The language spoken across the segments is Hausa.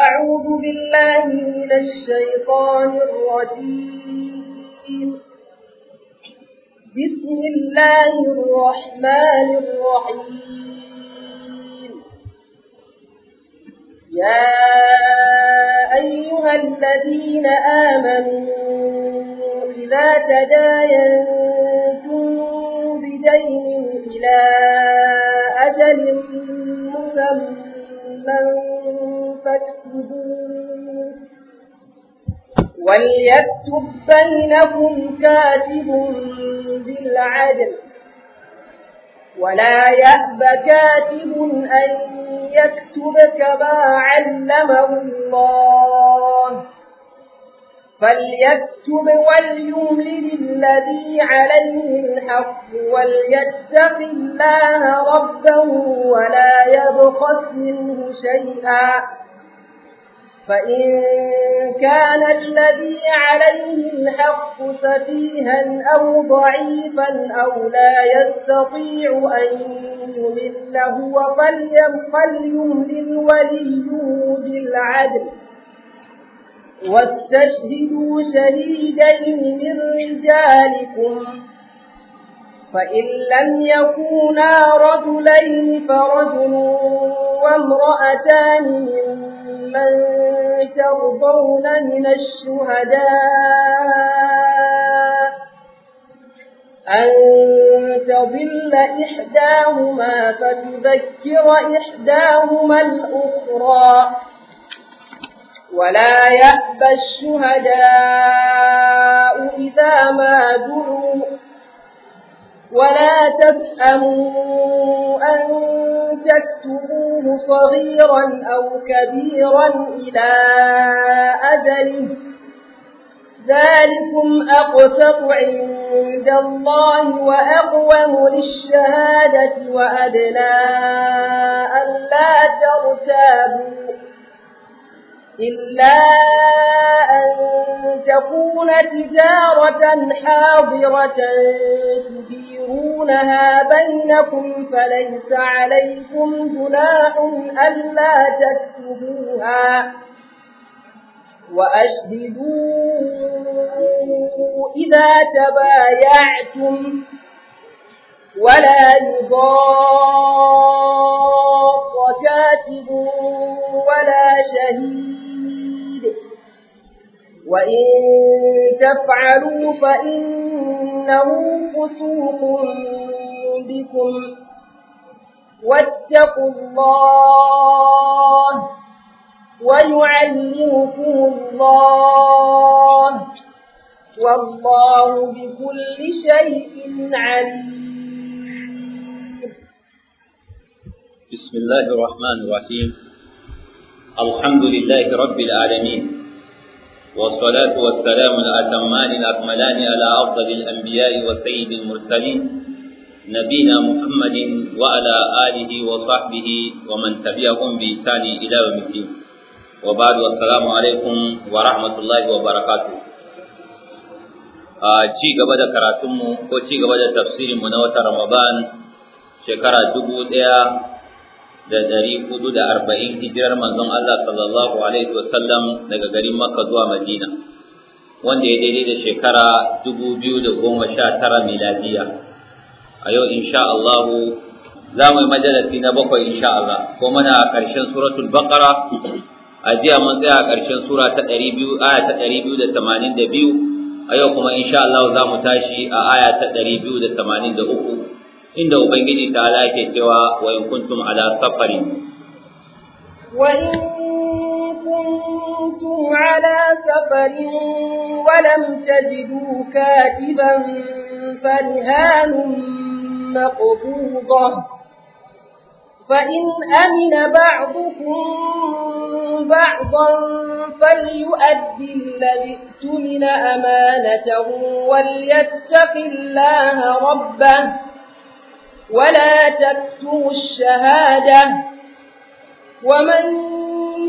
أعوذ بالله من الشيطان الرجيم بسم الله الرحمن الرحيم يا أيها الذين آمنوا إذا تداينتم بدين إلى أجل مسمى فاكتبوه وليكتب بينكم كاتب بالعدل ولا يأب كاتب أن يكتب كما علمه الله فليكتب وليملل الذي عليه الحق وليتق الله ربه ولا يبخس منه شيئا فإن كان الذي عليه الحق سفيها أو ضعيفا أو لا يستطيع أن يمل هو فليملل الولي بالعدل واستشهدوا شهيدين من رجالكم فإن لم يكونا رجلين فرجل وامرأتان ممن ترضون من الشهداء أن تضل إحداهما فتذكر إحداهما الأخرى ولا يأبى الشهداء إذا ما دعوا ولا تسأموا أن تكتبوه صغيرا أو كبيرا إلى أجله ذلكم أقسط عند الله وأقوم للشهادة وأدنى ألا ترتابوا إلا أن تكون تجارة حاضرة تديرونها بينكم فليس عليكم جناح ألا تكتبوها وأشهدوا إذا تبايعتم ولا يضار كاتب ولا شهيد وإن تفعلوا فإنه فسوق بكم واتقوا الله ويعلمكم الله والله بكل شيء عليم بسم الله الرحمن الرحيم الحمد لله رب العالمين والصلاة والسلام الأتمان الأكملان على أفضل الأنبياء وسيد المرسلين نبينا محمد وعلى آله وصحبه ومن تبعهم بإحسان إلى يوم الدين وبعد والسلام عليكم ورحمة الله وبركاته ci gaba da karatunmu ko ci gaba da tafsirinmu na watan Ramadan shekara dubu ɗaya da ɗari hudu da arba'in hijirar manzon Allah sallallahu alaihi wasallam daga garin Makka zuwa Madina wanda ya daidai da shekara dubu biyu da goma sha tara miladiya a yau insha Allah za mu yi majalasi na bakwai insha Allah ko muna a ƙarshen suratul baqara a jiya mun tsaya a ƙarshen sura ta ɗari biyu aya ta ɗari biyu da tamanin da biyu a yau kuma insha Allah za mu tashi a aya ta ɗari biyu da tamanin da uku inda ubangiji ta ala yake cewa wa in kuntum ala safari wa in kuntum ala safari wa lam tajidu katiban farhanun مقبوضة فإن أمن بعضكم بعضا فليؤدي الذي اؤتمن أمانته وليتق الله ربه ولا تكتموا الشهادة ومن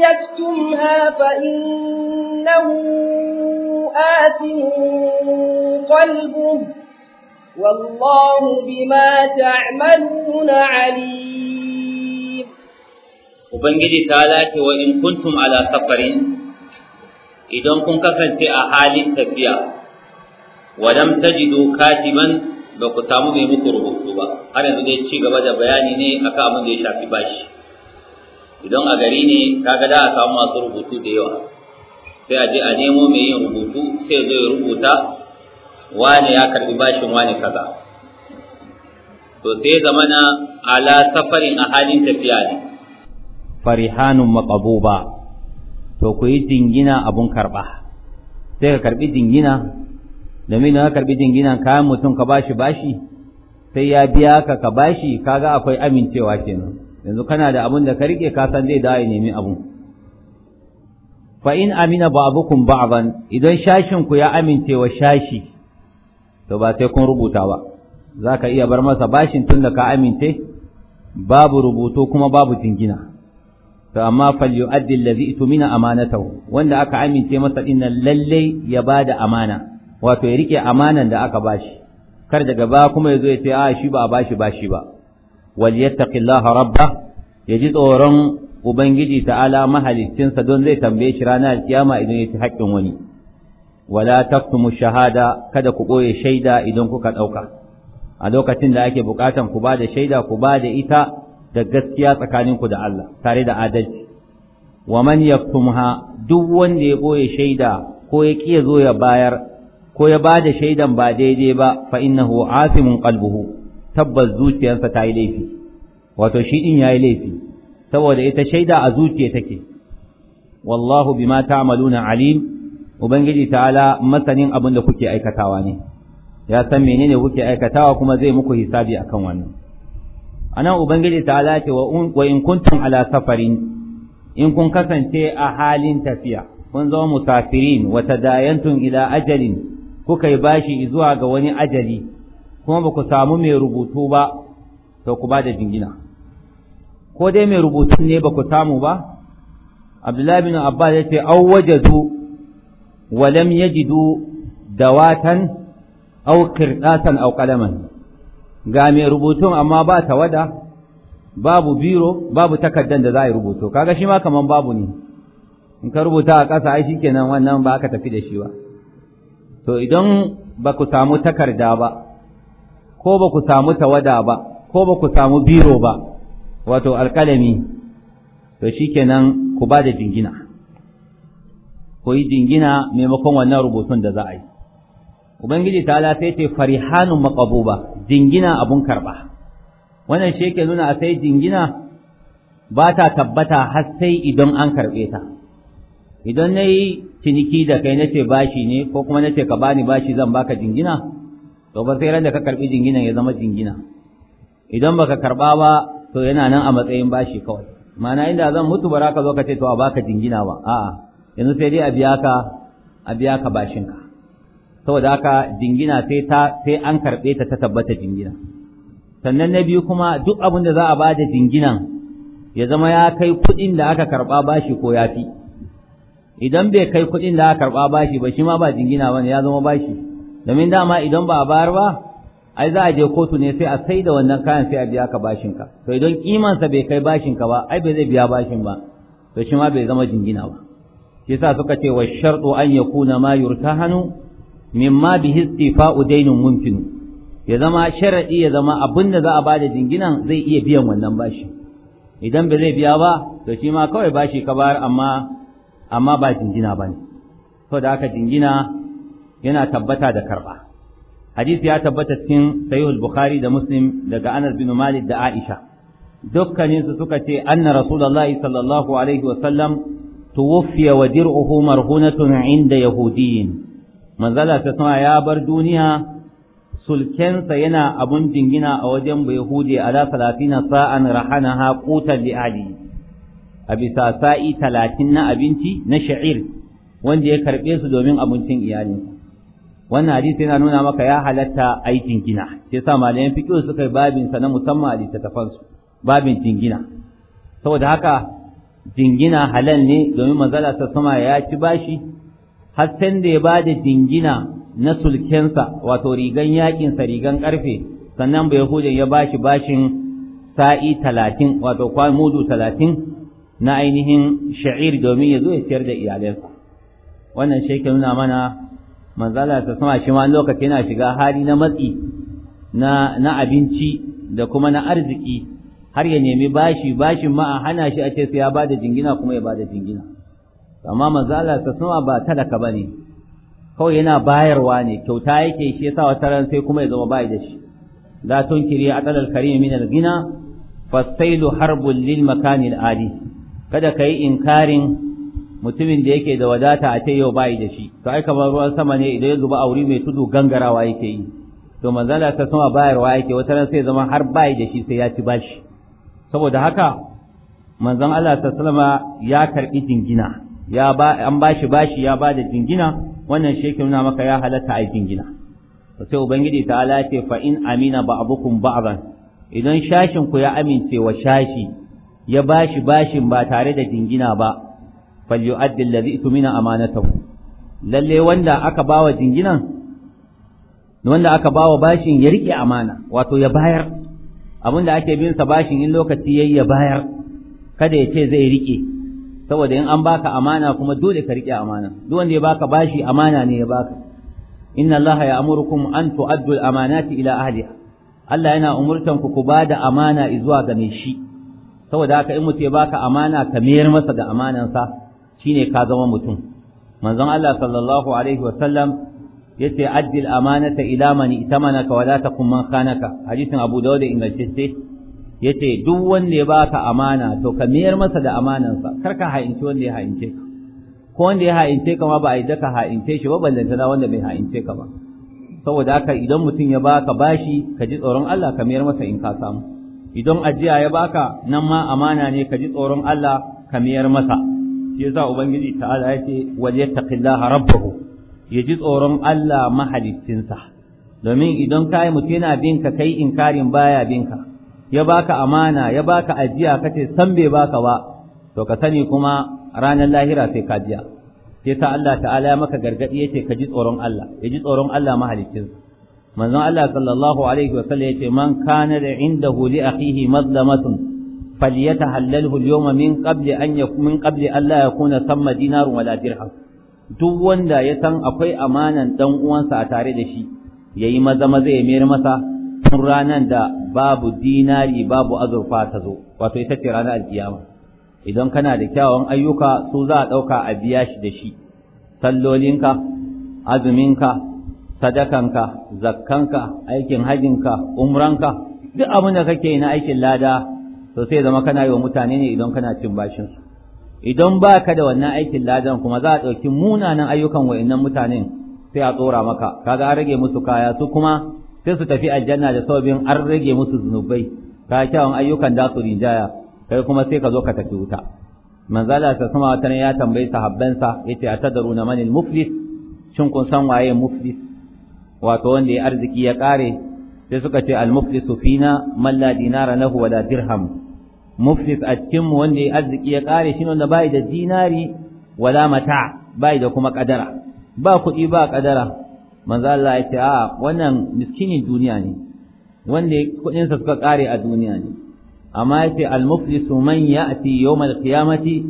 يكتمها فإنه آثم قلبه والله بما تعملون عليم وبنجي تعالى وإن كنتم على سفر إذا كنت kasance في halin tafiya ولم تجدوا katiban ba ku ba har yanzu dai ci gaba da bayani ne akan abin da ya shafi bashi idan a gari ne kaga da a samu masu rubutu da yawa sai a je a nemo mai yin rubutu sai ya zo ya rubuta wane ya karbi bashin wane kaza to sai zamana ala safarin a halin tafiya ne farihanun maqabuba to ku yi jingina abun karba sai ka karbi jingina domin ka karbi jinginan kayan mutum ka bashi bashi sai ya biya ka ka bashi kaga akwai amincewa kenan yanzu kana da abun da ka rike ka san zai dawo ya nemi abun fa in amina ba'dukum ba'dan idan shashin ku ya amince wa shashi to ba sai kun rubuta ba zaka iya bar masa bashin tunda ka amince babu rubutu kuma babu jingina to amma yu'addi allazi tumina amanatahu wanda aka amince masa dinnan lalle ya bada amana wato ya rike amanan da aka bashi kar daga ba kuma ya zo ya ce a ah, shi ba a bashi bashi ba wal yattaqillaha rabba ya ji tsoron ubangiji ta'ala mahaliccinsa don zai tambaye shi ranar alkiyama idan ya ci haƙƙin wani wala taktumu shahada kada ku ɓoye shaida idan kuka ɗauka a lokacin da ake buƙatan ku ba da shaida ku ba da ita da gaskiya tsakanin ku da Allah tare da adalci wa man yaktumha duk wanda ya ɓoye shaida ko ya ƙi zo ya bayar ko ya ba da shaidan ba daidai ba fa innahu asimun qalbuhu tabbas zuciyarsa ta yi laifi wato shi din yayi laifi saboda ita shaida a zuciya take wallahu bima ta'maluna alim ubangiji ta'ala masanin abin da kuke aikatawa ne ya san menene kuke aikatawa kuma zai muku hisabi akan wannan anan ubangiji ta'ala ce wa in kuntum ala safarin in kun kasance a halin tafiya kun zama musafirin wa dayantun ila ajalin kuka yi bashi zuwa ga wani ajali kuma ba ku samu mai rubutu ba to ku ba da jingina ko dai mai rubutu ne ba ku samu ba abdullahi bin abba ya ce au wajadu wa lam yajidu dawatan au qirdatan au qalaman ga mai rubutun amma ba tawada babu biro babu takaddan da za a yi rubutu kaga shi ma kaman babu ne in ka rubuta a ƙasa ai shikenan wannan ba aka tafi da shi ba to idan ba ku samu takarda ba ko ba ku samu tawada ba ko ba ku samu biro ba wato alkalami to shi kenan ku ba da jingina ku yi jingina maimakon wannan rubutun da za a yi ubangiji ala sai ce farihanun maqabuba jingina abun karɓa. wannan shi nuna sai jingina ba ta tabbata har sai idan an karɓe ta idan na yi ciniki da kai na ce bashi ne ko kuma na ce ka bani bashi zan baka jingina to ba sai ran da ka karbi jingina ya zama jingina idan baka karba ba to yana nan a matsayin bashi kawai ma'ana inda zan mutu ba ka zo ka ce to a baka jingina ba a'a yanzu sai dai a biya ka a biya ka bashin ka saboda haka jingina sai ta sai an karbe ta ta tabbata jingina sannan na biyu kuma duk abin da za a bada jinginan ya zama ya kai kuɗin da aka karba bashi ko ya fi idan bai kai kuɗin da aka karɓa bashi ba shi ma ba jingina bane ya zama bashi domin dama idan ba a bayar ba ai za a je kotu ne sai a sai da wannan kayan sai a biya ka bashin ka to idan kimansa bai kai bashin ka ba ai bai zai biya bashin ba to shi ma bai zama jingina ba shi yasa suka ce wa shartu an yakuna ma yurtahanu mimma bihi istifa'u daynun mumkin ya zama sharadi ya zama abin da za a bada jinginan zai iya biyan wannan bashi idan bai zai biya ba to shi ma kawai bashi ka bayar amma amma ba jingina ba ne da aka jingina yana tabbata da karba hadisi ya tabbata cikin sayihul bukhari da muslim daga anas bin malik da aisha dukkanin suka ce anna rasulullah sallallahu alaihi wa sallam tuwfiya wa dir'uhu marhunatun inda yahudiyyin manzala ta sama ya bar duniya sulkensa yana abun jingina a wajen bai hude ala salatina sa'an rahanaha qutan li a bisa sa'i talatin na abinci na sha'ir wanda ya karɓe su domin abincin iyalinsa wannan hadisi yana nuna maka ya halatta aikin gina sai sa malayan fiqh suka yi babin sa na musamman a littattafan su babin jingina saboda haka jingina halal ne domin manzala ta sama ya ci bashi har sai da ya da jingina na sulkensa wato rigan yakin sa rigan karfe sannan bai ya bashi bashin sa'i talatin wato kwamudu talatin na ainihin sha'ir domin ya zo ya ciyar da iyalansa wannan shi ke nuna mana manzala ta sama shi ma lokaci yana shiga hali na matsi na na abinci da kuma na arziki har ya nemi bashi bashin ma a hana shi a ce sai ya bada jingina kuma ya bada jingina amma manzala ta sama ba talaka ba ne. kawai yana bayarwa ne kyauta yake shi yasa wata ran sai kuma ya zama bai da shi la tunkiri atal karim min al gina fasailu harbun lil makani ali kada ka yi inkarin mutumin da yake da wadata a ce yau bayi da shi to ai kamar ruwan sama ne idan ya zuba a wuri mai tudu gangarawa yake yi to manzala ta sama bayarwa yake wata ran sai zama har bayi da shi sai ya ci bashi saboda haka manzan Allah sallama ya karbi jingina ya ba an bashi bashi ya ba da jingina wannan shi yake nuna maka ya halatta a jingina sai ubangiji ta ce fa in amina ba ba'dukum ba'dan idan shashin ku ya amince wa shashi ya bashi bashin ba tare da jingina ba falyu'addi allazi tumina amanatahu lalle wanda aka bawa jinginan wanda aka bawa bashin ya rike amana wato ya bayar abinda ake bin sa bashin in lokaci yayi ya bayar kada ya ce zai rike saboda in an baka amana kuma dole ka rike amana duk wanda ya baka bashi amana ne ya baka inna allaha ya'murukum an tu'addu al-amanati ila ahliha Allah yana umurtan ku ku bada amana izuwa ga mai shi saboda haka in mutum ya baka amana ka mayar masa da amanansa shine ka zama mutum manzon Allah sallallahu alaihi wasallam yace addil amanata ila man itamanaka wala takum man khanaka hadisin Abu Dawud ingantacce yace duk wanda ya baka amana to ka mayar masa da amanansa kar ka haince wanda ya haince ka ko wanda ya haince ka ma ba a yi daka haince shi ba ballanta da wanda bai haince ka ba saboda haka idan mutum ya baka bashi ka ji tsoron Allah ka mayar masa in ka samu idan ajiya ya baka nan ma amana ne ka ji tsoron Allah ka miyar masa shi yasa ubangiji ta'ala ya ce walyattaqillaha rabbahu ya ji tsoron Allah mahaliccinsa domin idan kai mutum yana bin ka kai inkarin baya bin ka ya baka amana ya baka ajiya kace san bai baka ba to ka sani kuma ranar lahira sai ka jiya sai ta Allah ta'ala ya maka gargadi yace ka ji tsoron Allah ya ji tsoron Allah mahaliccinsa manzon Allah sallallahu alaihi wa sallam yace man kana da indahu li akhihi mazlamatun falyatahallalhu al-yawma min qabli an yakun min qabli an la yakuna thamma dinarun wala dirham duk wanda ya san akwai amanan dan uwansa a tare da shi yayi maza maza ya mayar masa tun ranan da babu dinari babu azurfa ta zo wato ita ce ranar alkiyama idan kana da kyawawan ayyuka su za a dauka a biya shi da shi sallolinka azuminka sadakanka zakkanka aikin hajinka umranka duk abin da kake na aikin lada to sai zama kana yi wa mutane ne idan kana cin bashin su idan ba ka da wannan aikin ladan kuma za a ɗauki munanan ayyukan wa'innan mutanen sai a tsora maka kaga an rage musu kaya su kuma sai su tafi aljanna da sababin an rage musu zunubai ka kyawun ayyukan da su rinjaya kai kuma sai ka zo ka tafi wuta manzala ta sama wata ya tambayi sahabbansa yace atadaruna manil muflis shin kun san waye muflis wato wanda ya arziki ya kare sai suka ce al-muflisu fina man la dinara lahu wala dirham muflis a cikin mu wanda ya arziki ya kare shi wanda bai da dinari wala mata bai da kuma kadara ba kuɗi ba kadara manzo Allah ya ce a wannan miskinin duniya ne wanda kuɗin sa suka kare a duniya ne amma yace al man ya'ti yawm al-qiyamati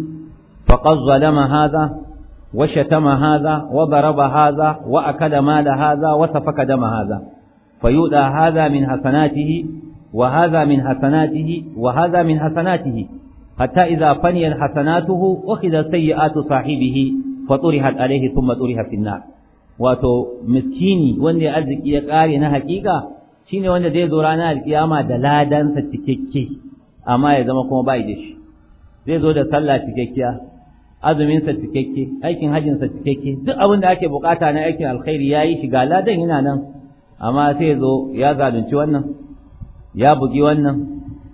faqad zalama hadha wa haza, hadha wa daraba haza, wa akala mala haza. wa safaka dama hadha fayuda hadha min hasanatihi wa hadha min hasanatihi wa hadha min hasanatihi hatta idza faniyat hasanatuhu ukhidha sayyi'atu sahibihi faturihat alayhi thumma turiha fi an-nar wato miskini wanda ya arziki ya kare na hakika shine wanda zai zo rana alkiyama da ladansa cikakke amma ya zama kuma bai da shi zai zo da sallah cikakkiya azumin sa cikakke aikin hajin sa cikakke duk abin da ake bukata na aikin alkhairi yayi shiga ladan yana nan amma sai zo ya zalunci wannan ya bugi wannan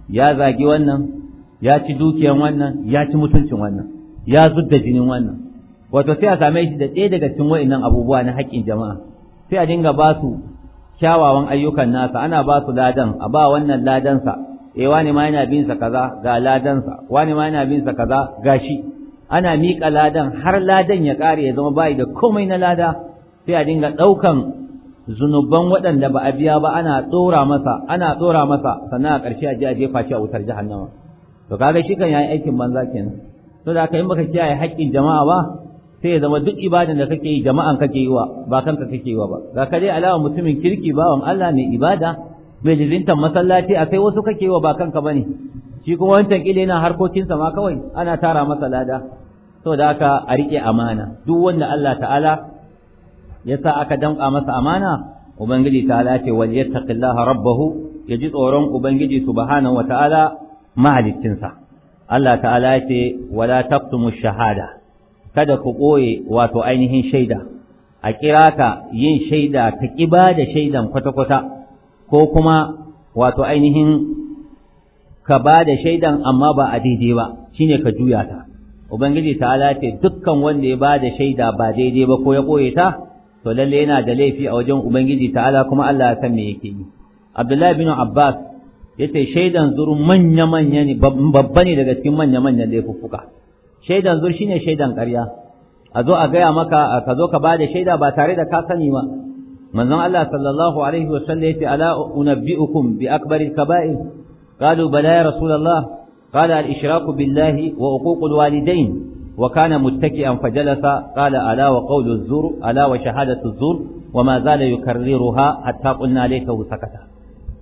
ya zagi wannan ya ci dukiyan wannan ya ci mutuncin wannan ya zudda jinin wannan wato sai a same shi da ɗaya daga cikin wa'annan abubuwa na haƙƙin jama'a sai a dinga ba su kyawawan ayyukan nasa ana ba su ladan a ba wannan ladansa eh wani ma yana bin sa kaza ga ladansa wani ma yana bin sa kaza shi? ana miƙa ladan har ladan ya ƙare ya zama bayi da komai na lada sai a dinga ɗaukan zunuban waɗanda ba a biya ba ana tsora masa ana tsora masa sannan a ƙarshe a je a jefa shi a wutar jahannama to kaga shi kan yayi aikin banza kenan to da kai baka kiyaye haƙƙin jama'a ba sai ya zama duk ibadan da kake yi jama'an kake yi wa ba kanka kake yi wa ba ga ka dai alama mutumin kirki bawan Allah mai ibada mai jizinta masallaci a sai wasu kake yi wa ba kanka bane shi kuma wancan kila yana harkokinsa ma kawai ana tara masa lada saboda haka a riƙe amana duk wanda Allah ta'ala ya sa aka danƙa masa amana ubangiji ta'ala ce wal yattaqillaha rabbahu ya ji tsoron ubangiji subhanahu wa ta'ala mahaliccinsa Allah ta'ala ce wala taqtumu shahada kada ku ɓoye wato ainihin shaida a kira ka yin shaida ta ƙiba da shaidan kwata-kwata ko kuma wato ainihin ka ba da shaidan amma ba a daidai ba shine ka juya ta ubangiji ta ce dukkan wanda ya ba da shaida ba daidai ba ko ya koye ta to lalle yana da laifi a wajen ubangiji ta'ala kuma Allah ya san me yake yi Abdullahi bin Abbas ce shaidan zuru manya manya ne babba ne daga cikin manya manyan laifuffuka shaidan zur shine shaidan ƙarya a zo a gaya maka ka zo ka ba da shaida ba tare da ka sani ba manzon Allah sallallahu alaihi wa sallam ce ala unabbiukum bi akbari kaba'ir qalu bala ya rasulullah قال الإشراك بالله وعقوق الوالدين وكان متكئا فجلس قال ألا وقول الزور ألا وشهادة الزور وما زال يكررها حتى قلنا ليته سكت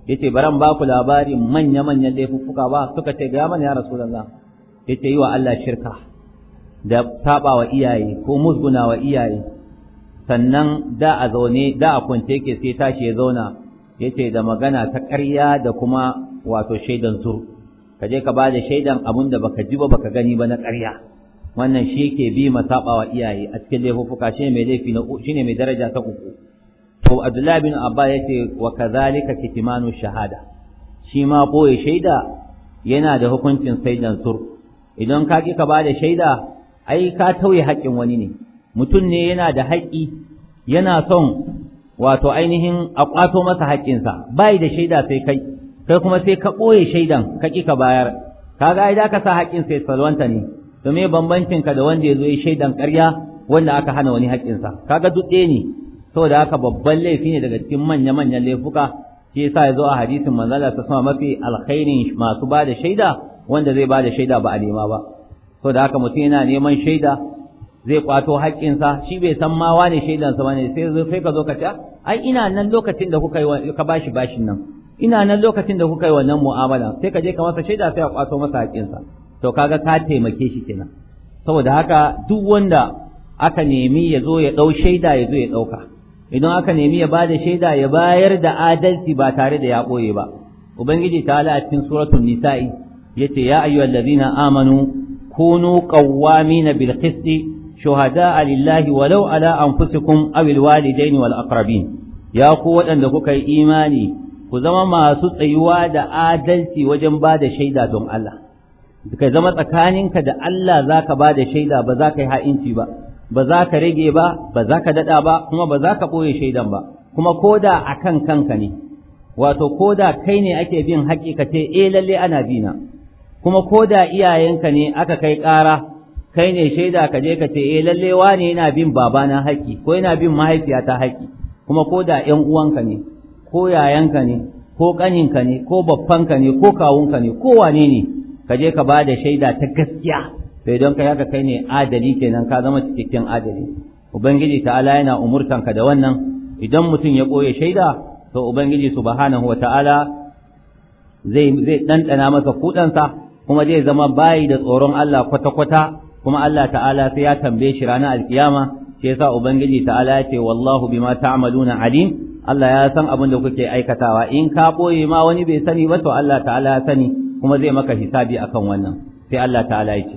yace baran ba ku labari manya manyan laifuffuka ba suka ce ga mana ya rasulullah yace yi wa Allah shirka da saba wa iyaye ko musguna wa iyaye sannan da a zaune da a kwance yake sai tashi ya zauna yace da magana ta ƙarya da kuma wato shaidan zur ka je ka bada shaidan abun da baka ji ba baka gani ba na ƙarya wannan shi ke bi masabawa iyaye a cikin shi ne mai laifi na ne mai daraja ta uku to Abdullahi bin Abba yace wa kazalika kitmanu shahada shi ma boye shaida yana da hukuncin saidan sur idan ka ki ka bada shaida ai ka tauye haƙƙin wani ne mutum ne yana da haƙƙi yana son wato ainihin a ƙwato masa haƙƙinsa bai da shaida sai kai sai kuma sai ka ɓoye shaidan ka ƙi ka bayar kaga ai ka sa haƙƙin sai salwanta ne to me bambancin ka da wanda ya zo ya shaidan ƙarya wanda aka hana wani haƙƙinsa kaga duk ɗaya ne saboda haka babban laifi ne daga cikin manya manyan laifuka shi yasa ya zo a hadisin manzala ta sama mafi alkhairin masu ba da shaida wanda zai ba da shaida ba a nema ba da haka mutum yana neman shaida zai kwato haƙƙinsa shi bai san ma wane shaidansa ba sai sai ka zo ka ce ai ina nan lokacin da kuka ka bashi bashin nan ina nan lokacin da kuka yi wannan mu'amala sai ka je ka masa shaida sai a kwato masa haƙinsa to kaga ka taimake shi kenan saboda haka duk wanda aka nemi ya zo ya ɗau shaida ya zo ya ɗauka idan aka nemi ya ba da shaida ya bayar da adalci ba tare da ya ɓoye ba ubangiji ta ala a cikin suratul nisa'i yace ya ayyuhal ladina amanu kunu qawwamina bil qisti shuhada'a lillahi walau ala anfusikum aw al walidaini wal aqrabin ya ku waɗanda kuka yi imani ku zama masu tsayuwa da adalci wajen ba da shaida don Allah ka zama tsakaninka da Allah za ka ba da shaida ba za ka yi ha'inci ba ba za ka rage ba ba za ka daɗa ba kuma ba za ka ɓoye shaidan ba kuma koda a kan kanka ne wato koda kai ne ake bin haƙi ka eh, lalle ana bina kuma koda iyayenka ne aka kai ƙara kai ne shaida ka je ka ce eh lalle wane yana bin babana haƙi ko yana bin mahaifiyata haƙi kuma ko da uwanka ne ko yayanka ne ko ƙaninka ne ko ka ne ko kawunka ne ko wane ne ka je ka ba shaida ta gaskiya Sai don kai haka kai ne adali kenan ka zama cikakken adali ubangiji ta'ala yana umurtan ka da wannan idan mutum ya ɓoye shaida to ubangiji subhanahu ta'ala zai zai ɗanɗana masa kuɗansa kuma zai zama bayi da tsoron Allah kwata-kwata kuma Allah ta'ala sai ya tambaye shi ranar alkiyama shi yasa ubangiji ta'ala ya ce wallahu bima ta'maluna alim Allah ya san abin da kuke aikatawa in ka boye ma wani bai sani ba to Allah ta'ala ya sani kuma zai maka hisabi akan wannan sai Allah ta'ala ya ce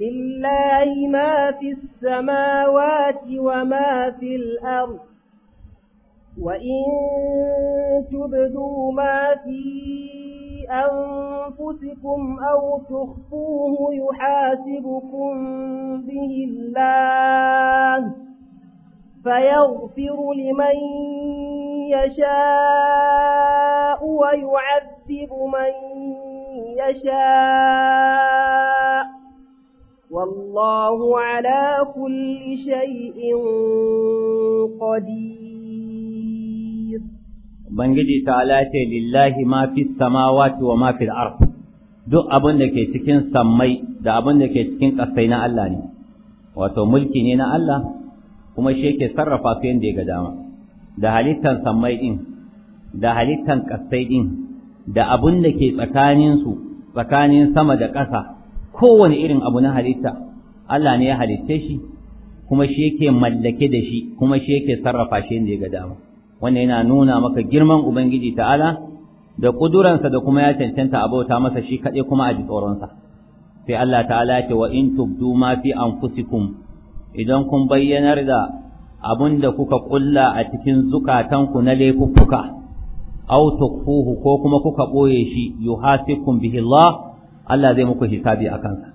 lillahi ma fi samawati wa ma fil ardh wa in tubdu أنفسكم أو تخفوه يحاسبكم به الله فيغفر لمن يشاء ويعذب من يشاء والله على كل شيء قدير Ubangiji ta'ala ce lillahi ma fi samawati wa ma fi duk abin da ke cikin sammai da abin da ke cikin ƙasai na Allah ne wato mulki ne na Allah kuma shi yake sarrafa su yadda ya ga dama da halittan sammai din da halittan kasai din da abun da ke tsakanin su tsakanin sama da ƙasa kowane irin abu na halitta Allah ne ya halitte shi kuma shi yake mallake da shi kuma shi yake sarrafa shi yadda ya ga dama wannan yana nuna maka girman ubangiji ta'ala da kuduransa da kuma ya cancanta abota masa shi kaɗai kuma a ji tsoronsa sai Allah ta'ala ya ce wa in tubdu ma fi anfusikum idan kun bayyanar da abun da kuka kulla a cikin zukatanku na laifuffuka aw tukfuhu ko kuma kuka boye shi yuhasikum bihi Allah Allah zai muku hisabi a kansa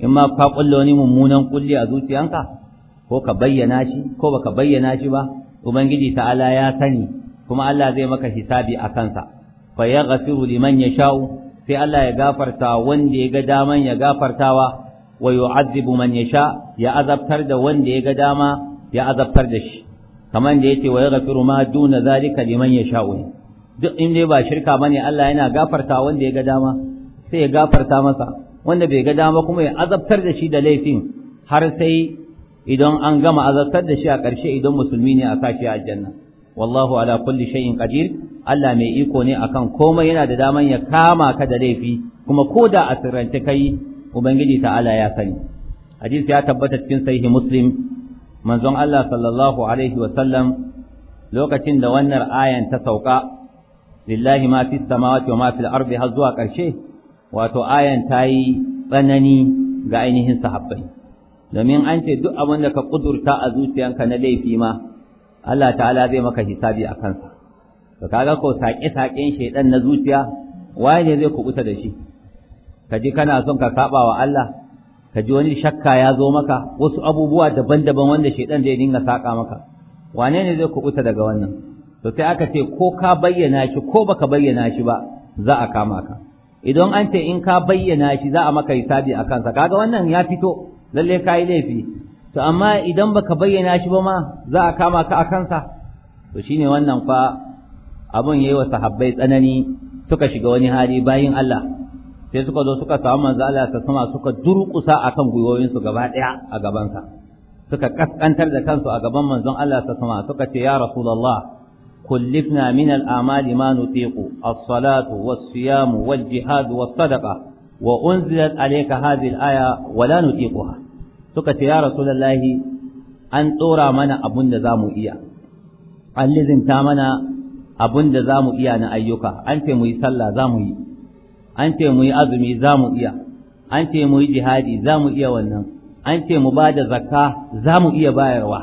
in ma ka kulla wani mummunan kulli a zuciyanka ko ka bayyana shi ko baka bayyana shi ba ubangiji ta'ala ya sani kuma Allah zai maka hisabi a kansa fa yaghfiru liman yasha'u sai Allah ya gafarta wanda ya ga daman ya gafartawa wa yu'adhibu man yasha ya azabtar da wanda ya ga dama ya azabtar da shi kaman da yace wa yaghfiru ma duna zalika liman yasha'u duk in dai ba shirka bane Allah yana gafarta wanda ya ga dama sai ya gafarta masa wanda bai ga dama kuma ya azabtar da shi da laifin har sai idan an gama azabtar da shi a ƙarshe idan musulmi ne a kafi aljanna wallahu ala kulli shay'in qadir Allah mai iko ne akan komai yana da daman ya kama ka da laifi kuma koda a sirrance kai ubangiji ta'ala ya sani hadisi ya tabbata cikin sahihi muslim manzon Allah sallallahu alaihi wa sallam lokacin da wannan ayan ta sauka lillahi ma fi samawati wa ma fil ardi har zuwa karshe wato ayan ta yi tsanani ga ainihin sahabbai domin an ce duk abin da ka kudurta a zuciyanka na laifi ma Allah ta'ala zai maka hisabi a kansa to kaga ko sake-saken shaidan na zuciya waye ne zai kubuta da shi ka ji kana son ka saba wa Allah ka ji wani shakka ya zo maka wasu abubuwa daban-daban wanda shaidan zai dinga saka maka wane ne zai kubuta daga wannan to sai aka ce ko ka bayyana shi ko baka bayyana shi ba za a kama ka idan an ce in ka bayyana shi za a maka hisabi a kansa kaga wannan ya fito lalle ka yi laifi to amma idan baka bayyana shi ba ma za a kama ka a kansa to shine wannan fa abun yayi wa sahabbai tsanani suka shiga wani hali bayin Allah sai suka zo suka samu manzo Allah ta sama suka durƙusa akan gwiwoyinsu gaba ɗaya a gabansa suka kaskantar da kansu a gaban manzon Allah ta sama suka ce ya rasulullah kullifna min al'amali ma nutiqu as-salatu was-siyamu wal-jihad was-sadaqa wa unzilat alayka hadhihi al-aya wa la nutiquha suka ce ya rasulullah an tsora mana abun da zamu iya an lizinta mana abun da zamu iya na ayyuka an ce mu yi sallah zamu yi an ce mu yi azumi za mu iya an ce mu yi jihadi za mu iya wannan an ce mu ba da zakka za mu iya bayarwa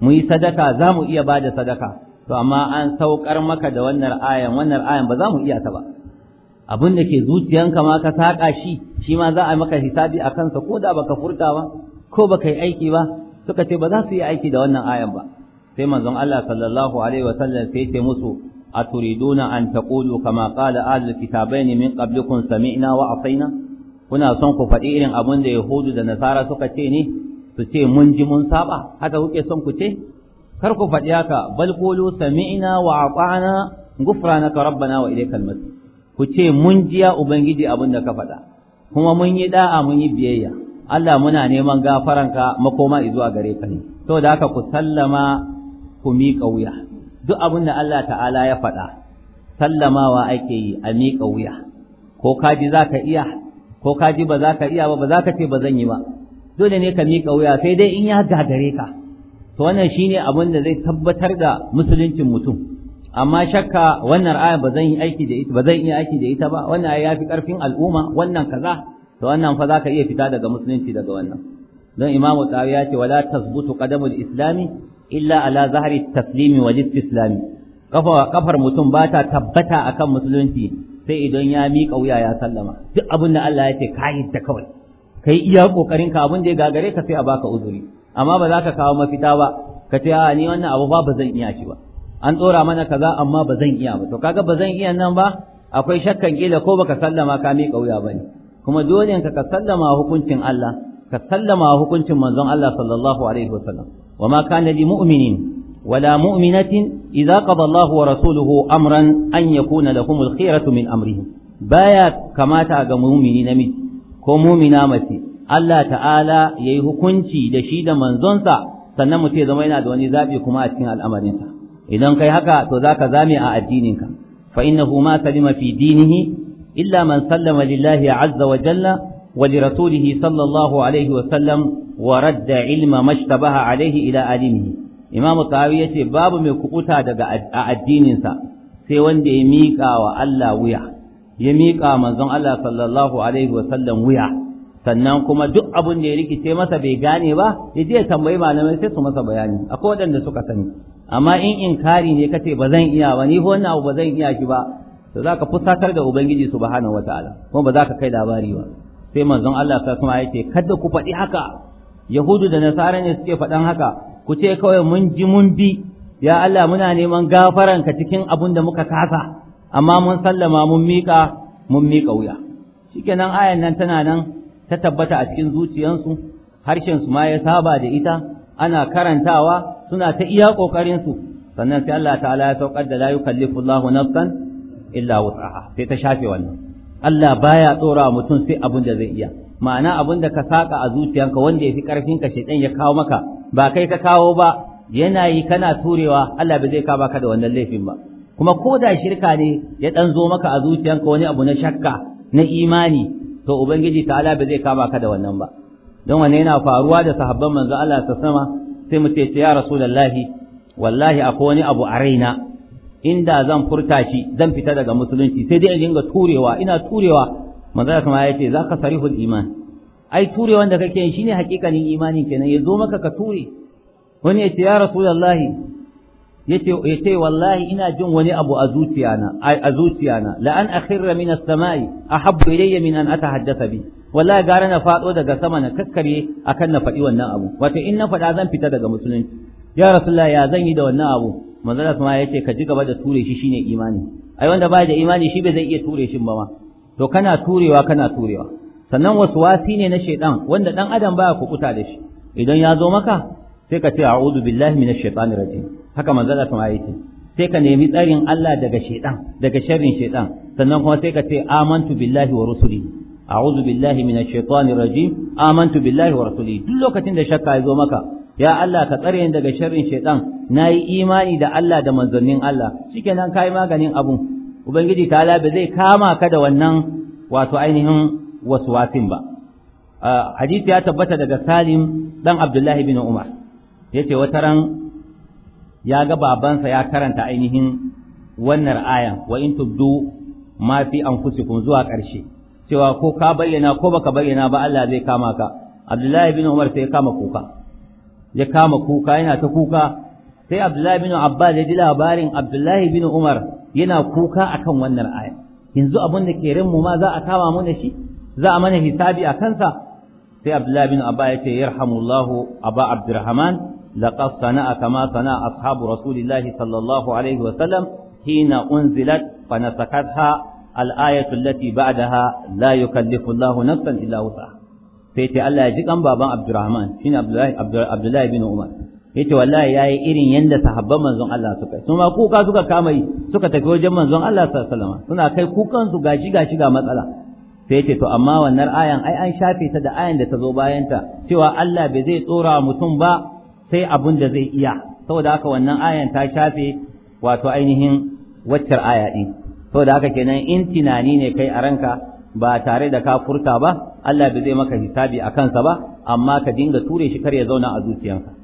mu yi sadaka za mu iya ba da sadaka to amma an saukar maka da wannan ayan wannan ayan ba za mu iya ta ba abin da ke zuciyanka ma ka saƙa shi shi ma za a maka hisabi a kansa ko da baka furta ba ko baka yi aiki ba suka ce ba za su yi aiki da wannan ayan ba sai manzon Allah sallallahu alaihi wasallam sai ya ce musu أتريدون أن تقولوا كما قال أهل الكتابين من قبلكم سمعنا وعصينا kuna son ku faɗi irin abin da Yahudu da Nasara suka ce ne su ce mun ji mun saba haka kuke son ku ce kar ku faɗi haka bal qulu sami'na wa ata'na ghufranaka rabbana wa ilaykal masir ku ce mun ji ubangiji abin da ka faɗa kuma mun yi da'a mun yi biyayya Allah muna neman gafaranka makoma a gare ka ne da haka ku sallama ku miƙa wuya duk abin da Allah ta'ala ya faɗa sallamawa ake yi a miƙa wuya ko kaji za ka iya ko kaji ba za ka iya ba ba za ka ce ba zan yi ba dole ne ka miƙa wuya sai dai in ya gagare ka to wannan shine abin da zai tabbatar da musuluncin mutum amma shakka wannan aya ba zan yi aiki da ita ba zan iya aiki da ita ba wannan aya yafi karfin al'umma wannan kaza to wannan fa za ka iya fita daga musulunci daga wannan don imamu tawi ya ce wala tasbutu qadamul islami illa ala zahari taslimi wa istislami kafa kafar mutum ba ta tabbata akan musulunci sai idan ya miƙa wuya ya sallama duk abin da Allah ya ce ka yi ta kawai kai iya kokarin ka abin da ya gagare ka sai a baka uzuri amma ba za ka kawo mafita ba ka ce a ni wannan abu ba ba zan iya shi ba an tsora mana kaza amma ba zan iya ba to kaga ba zan iya nan ba akwai shakkan kila ko baka sallama ka miƙa wuya ba ne. kuma dole ka ka sallama hukuncin Allah ka sallama hukuncin manzon Allah sallallahu alaihi wasallam وما كان لمؤمن ولا مؤمنة إذا قضى الله ورسوله أمرا أن يكون لهم الخيرة من أمرهم بايا كما تاغ مؤمن نمت كو مؤمن آمتي الله تعالى يهكنتي دشيد من زنسا sannan ya zama yana da wani zaɓi kuma a cikin al'amarinsa idan kai haka to za ka zame a addininka fa innahu ma salima fi dinihi illa man sallama lillahi azza wa jalla ولرسوله صلى الله عليه وسلم ورد علم ما اشتبه عليه إلى عالمه إمام الطاوية باب من a دقاء الدين سا سيوان دي ميقا وألا ويا يميقا منظم الله صلى الله عليه وسلم ويا sannan kuma duk abin da ya rikice masa bai gane ba ya je ya tambayi malamai sai su masa bayani akwai waɗanda suka sani amma in inkari ne kace ba zan iya ba ni ko wannan abu ba zan iya shi ba to zaka fusatar da ubangiji subhanahu wataala kuma ba za ka kai labari ba sai manzon Allah sa kuma yake kada ku faɗi haka yahudu da nasara ne suke faɗan haka ku ce kawai mun ji mun bi ya Allah muna neman gafaranka cikin abun da muka kasa amma mun sallama mun miƙa mun miƙa wuya shikenan ayan nan tana nan ta tabbata a cikin zuciyarsu, harshen su ma ya saba da ita ana karantawa suna ta iya kokarin su sannan sai Allah ta'ala ya saukar da la yukallifu Allahu nafsan illa wus'aha sai ta shafe wannan Allah baya tsora mutum sai abin da zai iya ma'ana abin da ka saka a zuciyanka wanda ya fi karfin ka shedan ya kawo maka ba kai ka kawo ba yana yi kana turewa Allah ba zai kaba ka da wannan laifin ba kuma ko da shirka ne ya dan zo maka a zuciyanka wani abu na shakka na imani to ubangiji ta'ala ba zai kaba ka da wannan ba don wanne yana faruwa da sahabban manzo Allah ta sama sai mu ce ya rasulullahi wallahi akwai wani abu a raina inda zan furta shi zan fita daga musulunci sai dai in dinga turewa ina turewa manzo kuma ya ce zaka sarihul iman ai turewan da kake yin shine hakikanin imanin kenan ya zo maka ka ture wani ya ce ya rasulullahi yace yace wallahi ina jin wani abu a zuciyana a zuciyana la an akhirra min as-sama'i ahabbu ilayya min an atahaddatha bi wallahi gara na fado daga sama na kakkare akan na faɗi wannan abu wato in na faɗa zan fita daga musulunci ya rasulullahi ya zan yi da wannan abu manzon kuma yace ka ji gaba da ture shi shine imani ai wanda ba da imani shi bai zai iya ture shi ba ma to kana turewa kana turewa sannan wasi ne na shaiɗan wanda dan adam baya kukuta da shi idan ya zo maka sai ka ce a'udhu billahi minash shaitanir rajim haka manzon kuma yace sai ka nemi tsarin Allah daga shaiɗan daga sharrin shaiɗan sannan kuma sai ka ce amantu billahi wa rusulihi أعوذ بالله من rajim. الرجيم آمنت wa rasulihi. duk lokacin da shakka ya zo maka ya Allah ka tsare ni daga sharrin shaitan na yi imani da Allah da manzannin Allah ka yi maganin abun ubangiji ta ba zai kama ka da wannan wato ainihin wasu waswasin ba hadisi ya tabbata daga Salim ɗan Abdullahi bin Umar Ya ce wata ran ya ga babansa ya karanta ainihin wannan ayan wa in tubdu ma fi anfusikum zuwa ƙarshe cewa ko ka bayyana ko baka bayyana ba Allah zai kama ka Abdullahi bin Umar sai ya kama kuka ya kama kuka yana ta kuka sai abdullahi bin abbas ya ji labarin abdullahi bin umar yana kuka akan wannan aya yanzu abin da ke mu ma za a kama mu da shi za a mana hisabi a kansa sai abdullahi bin abba ya ce yarhamullahu aba abdurrahman laqad sana'a kama sana'a ashabu rasulillahi sallallahu alaihi wa sallam hina unzilat fa nasakatha al-ayatu allati ba'daha la yukallifu Allahu nafsan illa wusaha sai ce Allah ya ji kan baban abdurrahman shine abdullahi bin umar yace wallahi yayi irin yanda sahabban manzon Allah suka yi. ma kuka suka kama yi suka tafi wajen manzon Allah sallallahu alaihi wasallam suna kai kukan su gashi gashi ga matsala sai yace to amma wannan ayan ai an shafe ta da ayan da ta zo bayan ta cewa Allah bai zai tsora mutum ba sai abun da zai iya saboda haka wannan ayan ta shafe wato ainihin waccar aya din saboda haka kenan in tunani ne kai a ranka ba tare da ka furta ba Allah bai zai maka hisabi a kansa ba amma ka dinga ture shi kar ya zauna a zuciyanka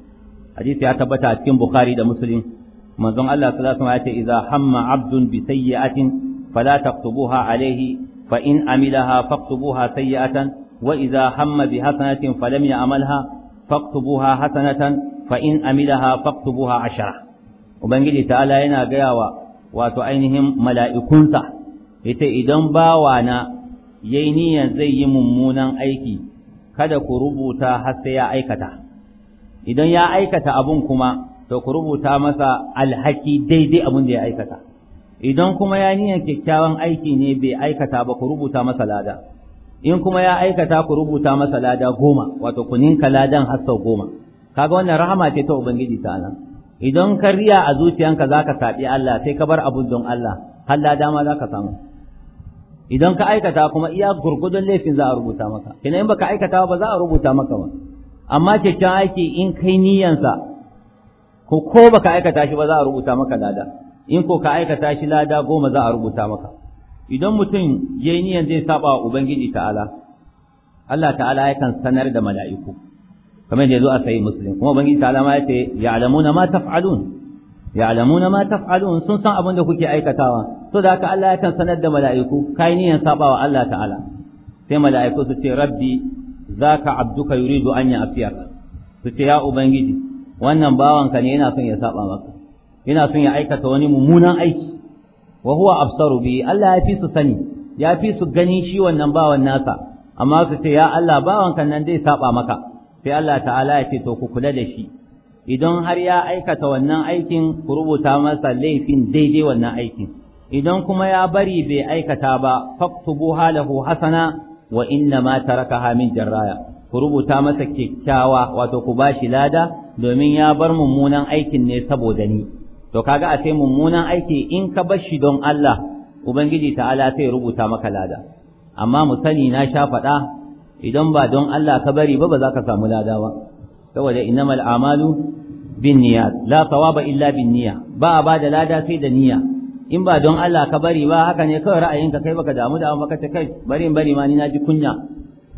hadisi ya tabbata a cikin bukhari da muslim manzon Allah sallallahu alaihi wasallam ya ce idza hamma abdun bi sayyi'atin fala taktubuha alaihi fa in amilaha faktubuha sayyi'atan wa idza hamma bi hasanatin falam ya'malha faktubuha hasanatan fa in amilaha faktubuha ashara ubangiji ta'ala yana gaya wa wato ainihin mala'ikunsa yace idan bawana yayi niyan zai yi mummunan aiki kada ku rubuta har sai ya aikata idan ya aikata abun kuma to ku rubuta masa alhaki daidai abun da ya aikata idan kuma ya niyan kyakkyawan aiki ne bai aikata ba ku rubuta masa lada in kuma ya aikata ku rubuta masa lada goma wato ku ninka ladan har sau goma kaga wannan rahama ce ta ubangiji ta nan idan ka riya a zuciyanka za ka saɓi Allah sai ka bar abun don Allah har lada ma ka samu idan ka aikata kuma iya gurgudun laifin za a rubuta maka kina in baka aikata ba za a rubuta maka ba amma kyakkyawan aiki in kai niyyansa ko ko baka aikata shi ba za a rubuta maka lada in ko ka aikata shi lada goma za a rubuta maka idan mutum ya yi niyan zai saba wa ubangiji ta'ala Allah ta'ala yakan sanar da mala'iku kamar yadda zo a sayi musulun, kuma ubangiji ta'ala ma ya ya ce yace ya'lamuna ma taf'alun na ma taf'alun sun san abin da kuke aikatawa so da haka Allah yakan sanar da mala'iku kai niyan saba wa Allah ta'ala sai mala'iku su ce rabbi zaka abduka yuridu an ya'siyaka su ce ya ubangiji wannan bawanka ne yana son ya saba maka yana son ya aikata wani mummunan aiki wa huwa absaru bi Allah ya fi su sani ya fi su ganin shi wannan bawan nasa amma su ce ya Allah bawanka nan zai saba maka sai Allah ta'ala ya ce to ku kula da shi idan har ya aikata wannan aikin ku rubuta masa laifin daidai wannan aikin idan kuma ya bari bai aikata ba faktubu halahu hasana wa inna ma tarakaha min jarraya ku rubuta masa kyakkyawa wato ku bashi lada domin ya bar mummunan aikin ne saboda ni to kaga a sai mummunan aiki in ka bashi don Allah ubangiji ta'ala sai rubuta maka lada amma mu sani na sha faɗa idan ba don Allah ka bari ba ba za ka samu lada ba saboda innamal amalu bin niyya la thawaba illa bin niyya ba a da lada sai da niyya in ba don Allah ka bari ba haka ne kawai ra'ayinka kai baka damu da amma kace kai bari in bari ma ni na ji kunya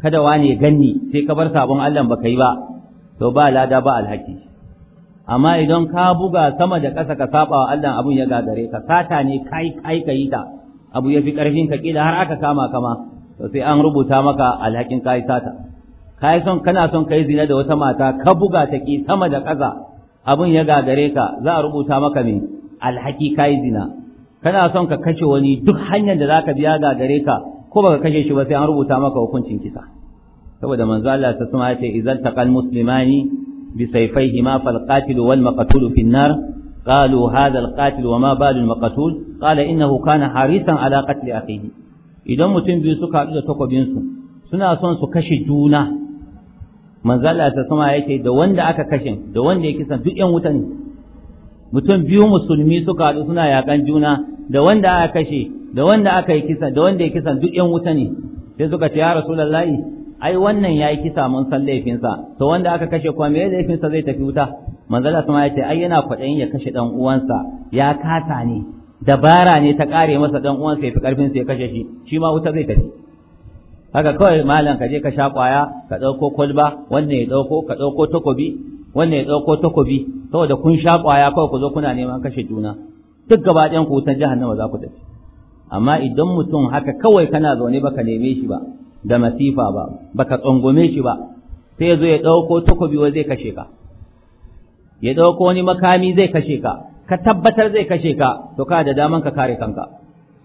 kada wane ganni sai ka bar sabon Allah baka yi ba to ba lada ba alhaki amma idan ka buga sama da ƙasa ka saba wa Allah abun ya gagare ka sata ne kai kai kai ta abu ya fi karfin ka kila har aka kama kama to sai an rubuta maka alhakin kai sata kai son kana son kai zina da wata mata ka buga ta ki sama da ƙasa abun ya gagare ka za a rubuta maka min alhaki kai zina kana son ka kashe wani duk hanyar da zaka biya ga gare ka ko baka kashe shi ba sai an rubuta maka hukuncin kisa saboda manzo Allah ta suma ce idan taqal muslimani bi sayfayhima fal qatil wal maqtul fi nar qalu hadha al qatil wa ma balu al maqtul qala innahu kana harisan ala qatl akhihi idan mutum biyu suka haɗu da takobin su suna son su kashe juna manzo Allah ta suma yake da wanda aka kashe da wanda ya kisa duk yan wuta ne mutum biyu musulmi suka haɗu suna yaƙan juna da wanda aka kashe da wanda aka yi kisa da wanda ya kisa duk yan wuta ne sai suka ce ya rasulullahi ai wannan yayi kisa mun san laifinsa to wanda aka kashe kuma me laifinsa zai tafi wuta manzo Allah sama ya ce ai yana kwaɗayin ya kashe dan uwansa ya kasa ne dabara ne ta kare masa dan uwansa ya fi karfin sa ya kashe shi shi ma wuta zai tafi haka kawai malam ka je ka sha kwaya ka ɗauko kwalba wannan ya ɗauko ka ɗauko takobi wannan ya ɗauko takobi saboda kun sha kwaya kawai ku zo kuna neman kashe juna duk gaba ɗayan ku wutan jahannama za ku tafi amma idan mutum haka kawai kana zaune baka neme shi ba da masifa ba baka tsangome shi ba sai ya zo ya ɗauko takobi wa zai kashe ka ya ɗauko wani makami zai kashe ka ka tabbatar zai kashe ka to ka da daman ka kare kanka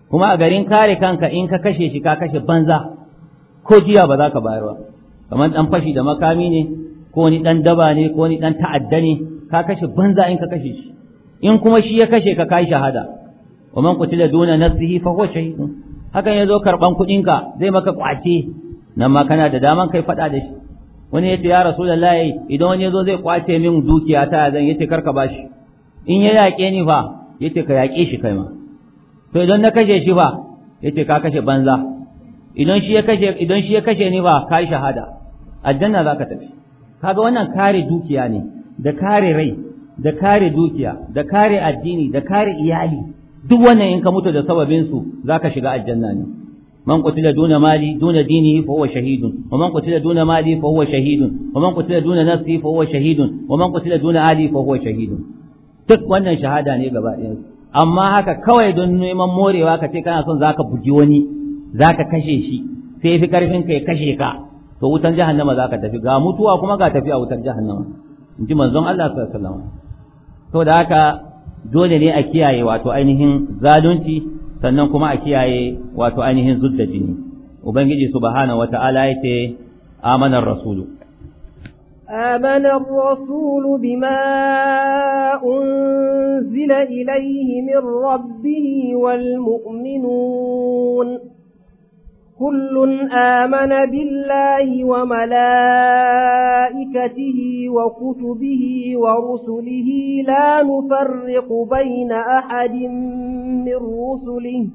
kuma a garin kare kanka in ka kashe shi ka kashe banza ko jiya ba za ka bayar ba kamar dan fashi da makami ne ko ni dan daba ne ko ni dan ta'adda ne ka kashe banza in ka kashe shi in kuma shi ya kashe ka kai shahada wa man qutila duna nafsihi fa huwa shahid hakan yazo karban kudin ka zai maka kwace nan ma kana da daman kai fada da shi wani yace ya rasulullahi idan wani yazo zai kwace min dukiya ta zan yace karka bashi in ya yake ni fa yace ka yaƙe shi kai ma to idan na kashe shi fa yace ka kashe banza idan shi ya kashe idan shi ya kashe ni ba kai shahada aljanna za ka tafi kaga wannan kare dukiya ne da kare rai da kare dukiya da kare addini da kare iyali duk wannan in ka mutu da sababin su ka shiga aljanna ne man qutila duna mali duna dini fa huwa shahidun wa man qutila duna mali fa huwa shahidun wa man qutila duna nafsi fa huwa shahidun wa man qutila duna ali fa huwa shahidun duk wannan shahada ne gaba ɗaya amma haka kawai don neman morewa ka ce kana son zaka bugi wani za ka kashe shi sai fi karfin ka ya kashe ka to wutan jahannama za ka tafi ga mutuwa kuma ga tafi a wutan jahannama in ji manzon Allah sallallahu alaihi wasallam to da haka dole ne a kiyaye wato ainihin zalunci sannan kuma a kiyaye wato ainihin zudda jini ubangiji subhanahu wata'ala yace amana rasul آمن الرسول بما أنزل إليه من ربه والمؤمنون كل آمن بالله وملائكته وكتبه ورسله لا نفرق بين أحد من رسله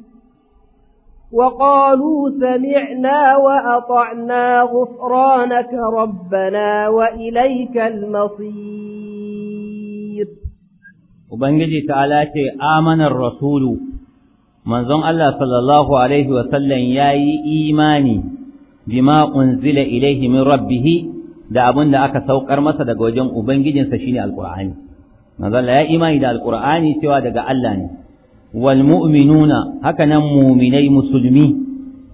وقالوا سمعنا وأطعنا غفرانك ربنا وإليك المصير وبنجي تعالى آمن الرسول manzon Allah sallallahu alaihi wa sallam yi imani bima unzila ilaihi min rabbih da abin da aka saukar masa daga wajen ubangijinsa shine alqur'ani manzon Allah ya imani da alqur'ani cewa daga Allah ne wal mu'minuna haka nan mu'minai musulmi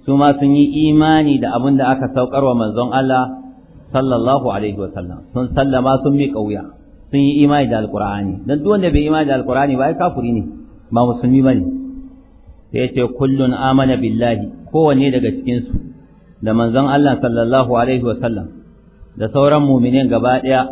su ma sun yi imani da abin da aka saukar wa manzon Allah sallallahu alaihi wa sallam sun sallama sun miƙa wuya sun yi imani da alqur'ani dan duk wanda bai imani da alqur'ani ba ai kafiri ne ba musulmi bane sai ce kullun amana billahi kowanne daga cikinsu da manzon Allah sallallahu alaihi wasallam da sauran mu'minin gaba daya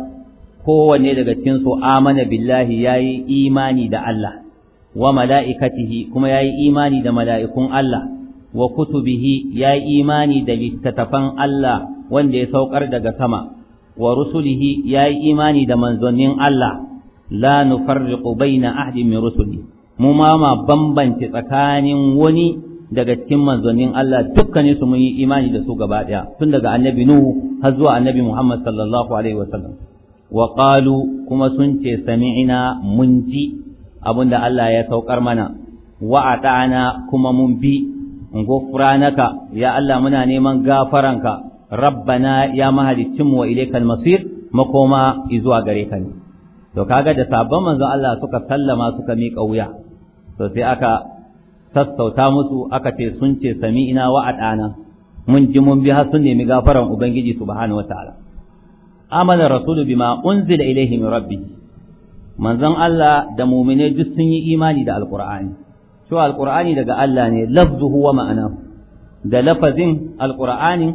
kowanne daga cikin su amana billahi yayi imani da Allah wa mala'ikatihi kuma yayi imani da mala'ikun Allah wa kutubihi yayi imani da littattafan Allah wanda ya saukar daga sama wa rusulihi yayi imani da manzonnin Allah la nufarriqu baina ahdin min rusulihi mu ma ma bambance tsakanin wani daga cikin manzonin Allah dukkanin su mun yi imani da su gaba daya tun daga annabi Nuhu har zuwa annabi Muhammad sallallahu alaihi wasallam wa qalu kuma sun ce sami'na mun ji abinda Allah ya saukar mana wa ata'ana kuma mun bi gufranaka ya Allah muna neman gafaranka rabbana ya mu wa ilaikal masir makoma izuwa gare ka ne to kaga da sabon manzon Allah suka sallama suka miƙa wuya to sai aka sassauta musu aka ce sun ce sami ina wa adana mun ji mun bi har sun nemi gafaran ubangiji subhanahu wataala amana rasulu bima unzila ilayhi min rabbi, manzon Allah da mu'mine duk sun yi imani da alqur'ani to alqur'ani daga Allah ne lafzuhu wa ma'ana da lafazin alqur'ani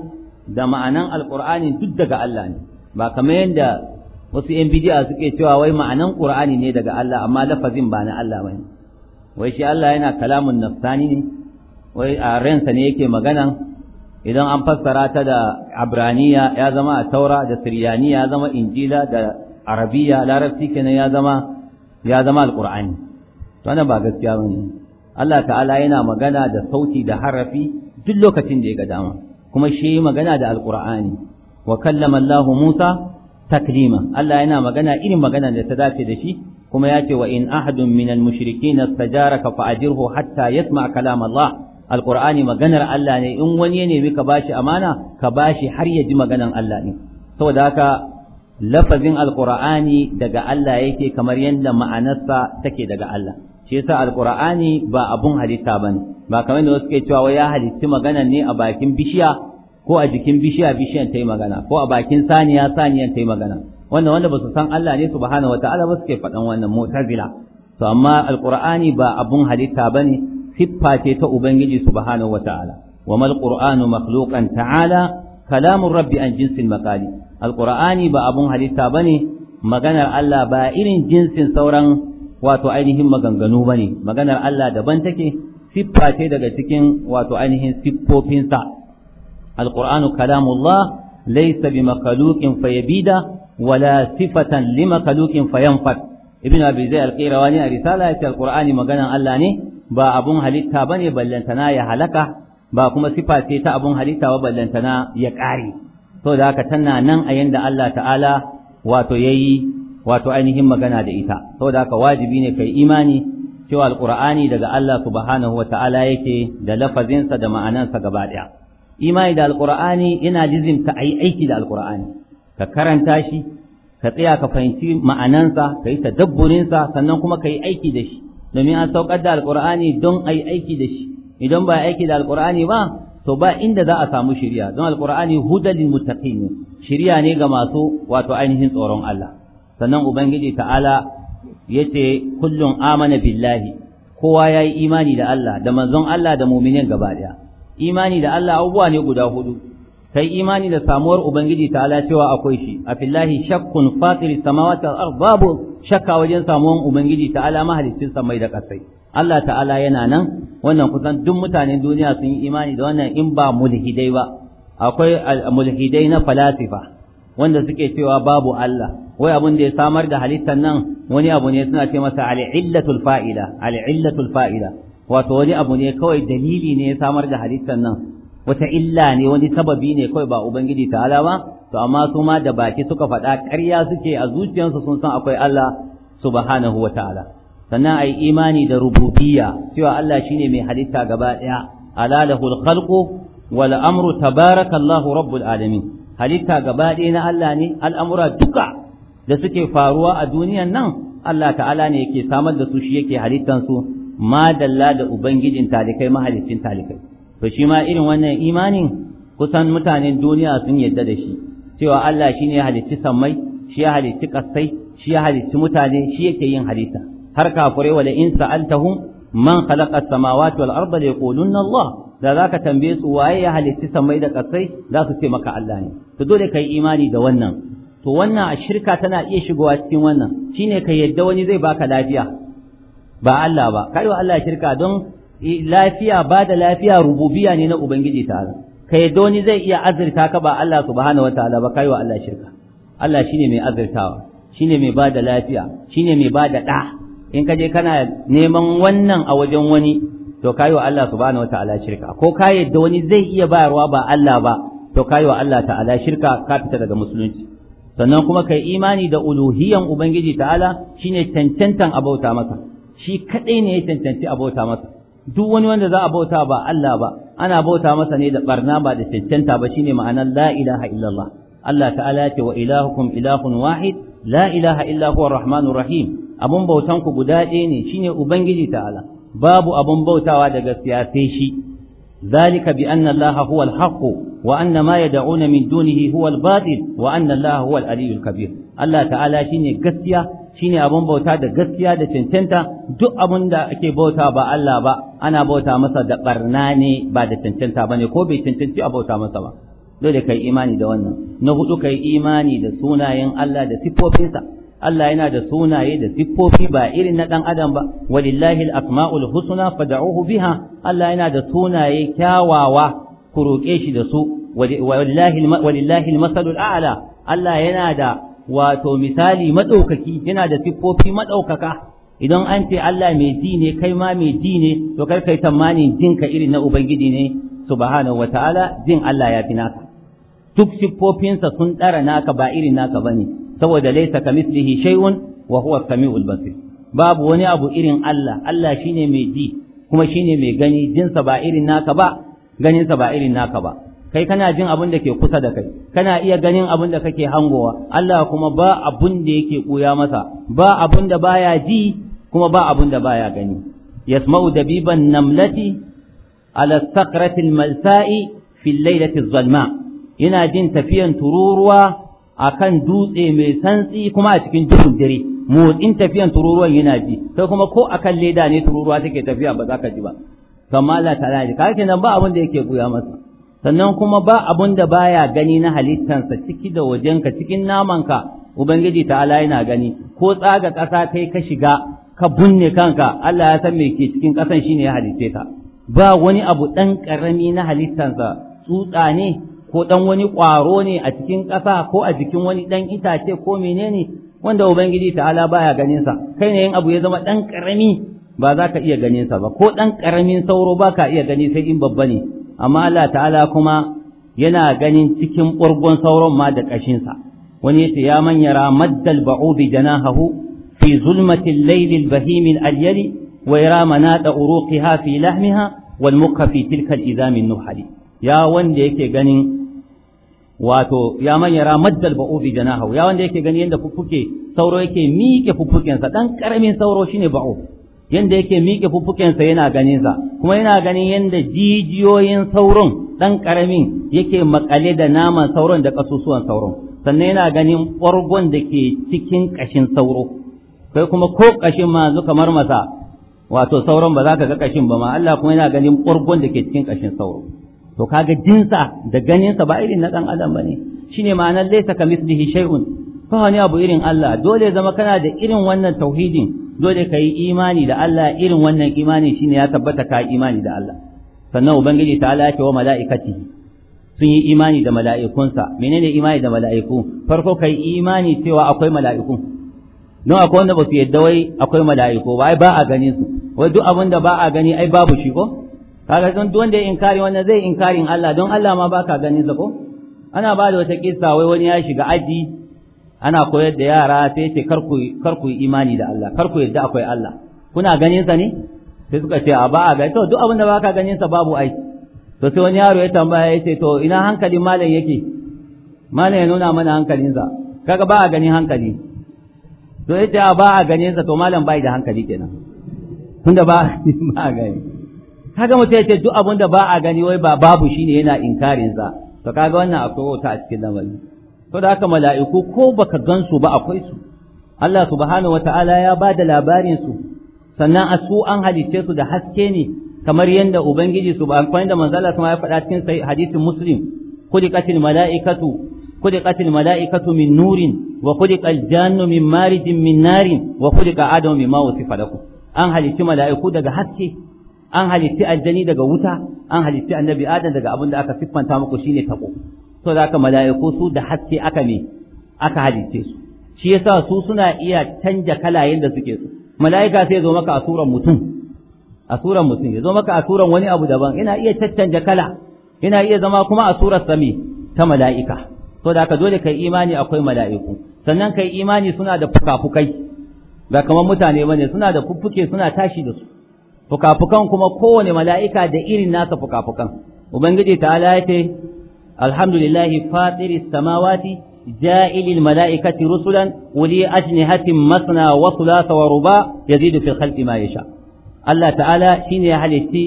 da ma'anan alqur'ani duk daga Allah ne ba kamar yadda wasu yan bidiya suke cewa wai ma'anan qur'ani ne daga Allah amma lafazin ba na Allah bane wai shi Allah yana kalamun nafsani ne wai a ransa ne yake magana idan an fassara ta da abraniya ya zama a taura da siryaniya ya zama injila da arabiya larabci kenan ya zama ya zama alqur'ani to ba gaskiya bane Allah ta'ala yana magana da sauti da harafi duk lokacin da ya ga dama kuma shi magana da alqur'ani wa kallama Allah Musa taklima Allah yana magana irin magana da ta dace da shi kuma ya ce wa in ahadun minal al-mushrikin istajaraka fa ajirhu hatta yasma kalam Allah alqur'ani maganar Allah ne in wani ya nemi ka bashi amana ka bashi har ya ji maganar Allah ne saboda haka lafazin alqur'ani daga Allah yake kamar yadda ma'anarsa take daga Allah shi yasa alqur'ani ba abun halitta bane ba kamar da wasu ke cewa wai ya halitti maganar ne a bakin bishiya ko a jikin bishiya bishiyan ta yi magana ko a bakin saniya saniyan ta yi magana wannan wanda su san Allah ne subhanahu wataala ba suke faɗan wannan mu'tazila to amma alqur'ani ba abun halitta bane siffa ce ta ubangiji subhanahu wataala wa mal qur'anu makhluqan ta'ala kalamun rabbi an jinsil maqali alqur'ani ba abun halitta bane maganar Allah ba irin jinsin sauran wato ainihin maganganu bane maganar Allah daban take siffa ce daga cikin wato ainihin siffofinsa alqur'anu kalamullah laysa bi fayabida wala sifatan lima kalukin fayanfat ibn abi zai alqirawani a risala ya ce alqur'ani maganan Allah ne ba abun halitta bane ballantana ya halaka ba kuma sifa ta abun halitta ba ballantana ya kare to da haka tana nan a yanda Allah ta'ala wato yayi wato ainihin magana da ita to da haka wajibi ne kai imani cewa alqur'ani daga Allah subhanahu wa ta'ala yake da lafazinsa da ma'anansa gaba daya imani da alqur'ani ina lizimta ai aiki da alqur'ani ka karanta shi ka tsaya ka fahimci ma'anansa ka yi tadabburinsa sannan kuma ka yi aiki da shi domin an saukar da alkur'ani don a yi aiki da shi idan ba aiki da alkur'ani ba to ba inda za a samu shirya, don alkur'ani hudan lil muttaqin Shirya ne ga masu wato ainihin tsoron Allah sannan ubangiji ta'ala yace kullun amana billahi kowa yayi imani da Allah da manzon Allah da mu'minin gaba ɗaya imani da Allah abubuwa ne guda hudu kai imani da samuwar ubangiji ala cewa akwai shi a fillahi shakkun fatiri samawati wal babu shakka wajen samuwar ubangiji ta'ala mahalicin samai da kasai Allah ta'ala yana nan wannan kusan duk mutanen duniya sun yi imani da wannan in ba mulhidai ba akwai mulhidai na falasifa wanda suke cewa babu Allah wai abin da ya samar da halittar nan wani abu ne suna ce masa al'illatul fa'ila al'illatul fa'ila wato wani abu ne kawai dalili ne ya samar da halittar nan wata illa ne wani sababi ne kawai ba ubangiji ta'ala ba to amma su ma da baki suka faɗa ƙarya suke a zuciyarsu sun san akwai Allah subhanahu wata'ala sannan ai imani da rububiyya cewa Allah shine mai halitta gaba ɗaya ala lahul khalqu wal amru tabarakallahu rabbul alamin halitta gaba ɗaya na Allah ne al'amura duka da suke faruwa a duniyan nan Allah ta'ala ne yake samar da su shi yake halittansu ma dalla da ubangijin talikai mahaliccin talikai to shi ma irin wannan imanin kusan mutanen duniya sun yadda da shi cewa Allah shine ya halicci sammai shi ya halicci kasai shi ya halicci mutane shi yake yin halitta har Kafure wala in sa'altahum man khalaqa as-samawati wal arda yaquluna Allah da zaka tambaye su waye ya halicci sammai da kasai za su ce maka Allah ne to dole kai imani da wannan to wannan a shirka tana iya shigowa cikin wannan shine ka yadda wani zai baka lafiya ba Allah ba kai wa Allah shirka don lafiya ba da lafiya rububiya ne na ubangiji ta'ala ka yadda wani zai iya azurta ka ba Allah subhanahu ala ba kai wa Allah shirka Allah shine mai azurtawa shine mai ba da lafiya shine mai ba da ɗa in ka je kana neman wannan a wajen wani to kai wa Allah subhanahu ala shirka ko ka yadda wani zai iya bayarwa ba Allah ba to kai wa Allah ta'ala shirka ka fita daga musulunci sannan kuma kai imani da uluhiyan ubangiji ta'ala shine cancantan abauta masa shi kadai ne ya cancanci abauta masa duk wani wanda za a bauta ba Allah ba ana bauta masa ne da barna ba da cancanta ba shine ma'anar la ilaha illallah Allah ta'ala ce wa ilahukum ilahun wahid la ilaha illa huwa arrahmanur rahim abun bautan ku guda ɗaya ne shine ubangiji ta'ala babu abun bautawa da gaskiya sai shi ذلك بأن الله هو الحق وأن ما يدعون من دونه هو الباطل وأن الله هو العلي الكبير الله تعالى شيني قسيا شيني أبن بوتا دا قسيا دا تنتنتا دو أبن دا أكي بوتا با الله با أنا بوتا مسا دا قرناني با دا تنتنتا بني كوبي تنتنتي أبوتا مسا با dole kai imani da wannan na hudu kai imani da sunayen Allah da sifofinsa Allah yana da sunaye da siffofi ba irin na ɗan adam ba walillahi al-asma'ul husna fad'uhu biha Allah yana da sunaye kyawawa ku roƙe shi da su walillahi al-masalul a'la Allah yana da wato misali madaukaki yana da siffofi madaukaka idan an ce Allah mai ji ne kai ma mai ji ne to kar kai tamanin jinka irin na ubangiji ne subhanahu wataala jin Allah ya fi naka duk siffofinsa sun tsara naka ba irin naka bane saboda laysa mislihi shay'un wa huwa samiul basir babu wani abu irin Allah Allah shine mai ji kuma shine mai gani jinsa ba irin naka ba ganinsa ba irin naka ba kai kana jin abin da ke kusa da kai kana iya ganin abin da kake hangowa Allah kuma ba abun da yake koya masa ba abun da baya ji kuma ba abun da baya gani yasma'u dabiban namlati ala sakratil malsa'i fi lailati zalma yana jin tafiyan tururuwa akan dutse mai santsi kuma a cikin duhun dare motsin tafiyan tururuwan yana bi sai kuma ko akan leda ne tururuwa take tafiya ba za ka ji ba kamar Allah ta ta'ala ka kake nan ba abin da yake buya masa sannan kuma ba abun da baya gani na halittansa ciki da wajenka cikin namanka ubangiji ta ta'ala yana gani ko tsaga ƙasa kai ka shiga ka bunne kanka Allah ya san me ke cikin ƙasan shine ya halitta ka ba wani abu ɗan ƙarami na halittansa tsutsa ne ko ɗan wani ƙwaro ne a cikin ƙasa ko a jikin wani ɗan itace ko menene wanda ubangiji ta'ala baya ganin sa kai ne yin abu ya zama ɗan ƙarami ba za ka iya ganin sa ba ko ɗan ƙaramin sauro ba ka iya gani sai in babba ne amma Allah ta'ala kuma yana ganin cikin ɓurgon sauron ma da ƙashinsa wani yace ya manyara maddal na hahu fi zulmatil lailil bahimil alyali wa yara manata uruqiha fi lahmiha wal mukha fi tilka al nuhali ya wanda yake ganin wato ya manya yara maddal ba'u bi hau ya wanda yake gani yanda fuffuke sauro yake miƙe fuffukensa dan karamin sauro shine ba'u yanda yake miƙe fuffukensa yana ganin sa kuma yana ganin yanda jijiyoyin sauron dan karamin yake makale da naman sauron da kasusuwan sauron sannan yana ganin ɓargon da ke cikin ƙashin sauro kai kuma ko ƙashin ma zuka marmasa masa wato sauron ba za ka ga ƙashin ba ma Allah kuma yana ganin ɓargon da ke cikin ƙashin sauro to kaga jinsa da ganinsa ba irin na dan adam bane shine ma'anar laysa kamithlihi shay'un fa wani abu irin Allah dole zama kana da irin wannan tauhidin dole ka imani da Allah irin wannan imani shine ya tabbata ka imani da Allah sannan ubangiji ta ya ce wa mala'ikati sun yi imani da mala'ikunsa menene imani da mala'iku farko kai imani cewa akwai mala'iku don akwai wanda ba su yadda wai akwai mala'iku ba ai ba a gani su wai duk abin da ba a gani ai babu shi ko kaga don wanda ya inkari wannan zai inkarin Allah don Allah ma baka ganin sa ko ana ba da wata kissa wai wani ya shiga aji ana koyar da yara sai ce kar ku imani da Allah kar ku yadda akwai Allah kuna ganin sa ne sai suka ce a ba a ga? to duk abin da baka ganin sa babu ai to sai wani yaro ya tambaya ya ce to ina hankalin malam yake malam ya nuna mana hankalin sa kaga ba a ganin hankali to yace a ba a ganin sa to malam bai da hankali kenan tunda ba ba a ganin. kaga mutum ya ce duk abin da ba a gani wai ba babu shi ne yana inkarin sa to kaga wannan akwai wata a cikin lamari to da haka mala'iku ko baka gansu ba akwai su Allah subhanahu wata'ala ya ba da labarin su sannan a su an halicce su da haske ne kamar yadda ubangiji su ba da manzala sama ya faɗa cikin sai hadisin muslim kuliqatil mala'ikatu kuliqatil mala'ikatu min nurin wa kuliqal jannu min marijin min narin wa kuliqa adamu mimma wasifa lakum an halicci mala'iku daga haske an halitti aljani daga wuta an halitti annabi adam daga abin da aka siffanta muku shine tako so da aka mala'iku su da haske aka ne aka halitte su shi yasa su suna iya canja kalayen da suke su mala'ika sai zo maka a suran mutum a suran mutum ya zo maka a suran wani abu daban yana iya caccanja kala yana iya zama kuma a surar sami ta mala'ika to da aka dole kai imani akwai mala'iku sannan kai imani suna da fukafukai ba kamar mutane bane suna da fuffuke suna tashi da su fukafukan kuma kowane mala'ika da irin nasa fukafukan ubangiji ta'ala ya ce alhamdulillahi fatiri samawati جائل الملائكة رسلا ولي أجنهة مثنى وثلاث ورباع يزيد في الخلق ما يشاء الله تعالى شين يا حليتي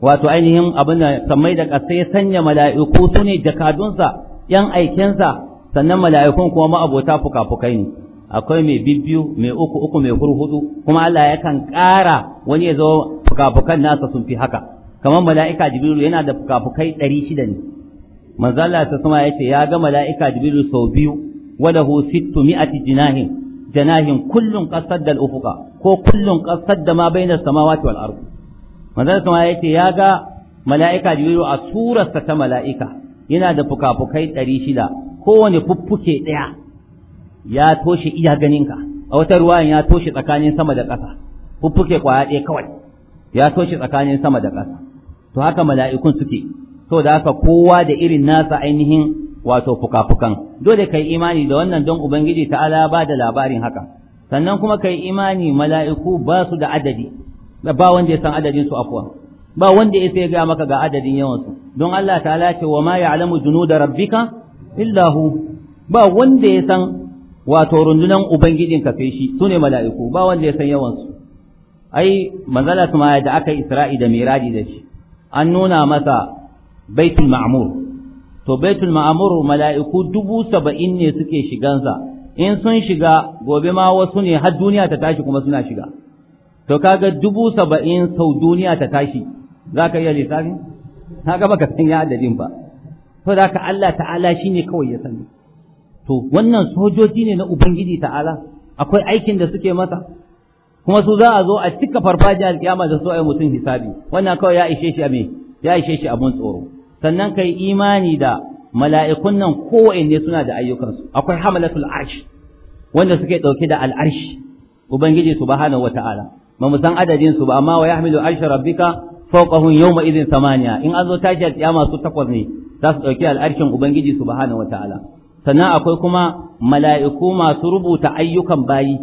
wato ainihin abin da sammai da ya sanya mala'iku su ne jakadunsa ‘yan aikinsa sannan mala'ikun kuma ma'abota fukafukai ne akwai mai bibbiyu mai uku uku mai hurhudu kuma Allah yakan ƙara wani ya zo fukafukan nasa sun fi haka kamar mala'ika jibrilu yana da fukafukai ɗari shida ne manzo Allah ta sama yace ya ga mala'ika jibrilu sau biyu walahu sittu mi'ati jinahin janahin kullun qasadda al-ufuqa ko kullun qasadda ma bainas samawati wal ardh manzo Allah sama yace ya ga mala'ika jibrilu a surarsa ta mala'ika yana da fukafukai ɗari shida kowane fuffuke ɗaya ya toshe iya ganinka a wata ruwan ya toshe tsakanin sama da ƙasa fuffuke kwaya ɗaya kawai ya toshe tsakanin sama da ƙasa to haka mala'ikun suke so da haka kowa da irin nasa ainihin wato fuka-fukan dole kai imani da wannan don ubangiji ta'ala ba da labarin haka sannan kuma kai imani mala'iku ba su da adadi ba wanda ya san adadin su afuwa ba wanda ya sai ga maka ga adadin yawansu don Allah ta'ala ce wa ma ya'lamu junuda rabbika illa hu ba wanda ya san wato rundunan ubangijin ka feshi su ne mala'iku ba wanda ya san yawansu ai manzala su da aka isra'i da miraji da shi an nuna masa baitul ma'mur to baitul ma'mur mala'iku dubu saba'in ne suke shigansa in sun shiga gobe ma wasu ne har duniya ta tashi kuma suna shiga to kaga dubu saba'in sau duniya ta tashi za ka iya lissafi na ga baka san ya adadin ba to da ka Allah ta'ala shine kawai ya sani to wannan sojoji ne na ubangiji ta'ala akwai aikin da suke masa kuma su za a zo a cika farfajiyar alƙiyama da su a mutum hisabi wannan kawai ya ishe shi a me ya ishe shi tsoro sannan kai imani da mala'ikun nan kowanne suna da ayyukansu akwai hamalatul arsh wanda suke ɗauke da al'arshi ubangiji subhanahu wata'ala ba mu san adadin su ba amma wa yahmilu arsha rabbika fawqahum yawma idhin samaniya in an zo tashi alƙiyama su takwas ne za su dauki al'arshin ubangiji subhanahu wata'ala sannan akwai kuma mala'iku masu rubuta ayyukan bayi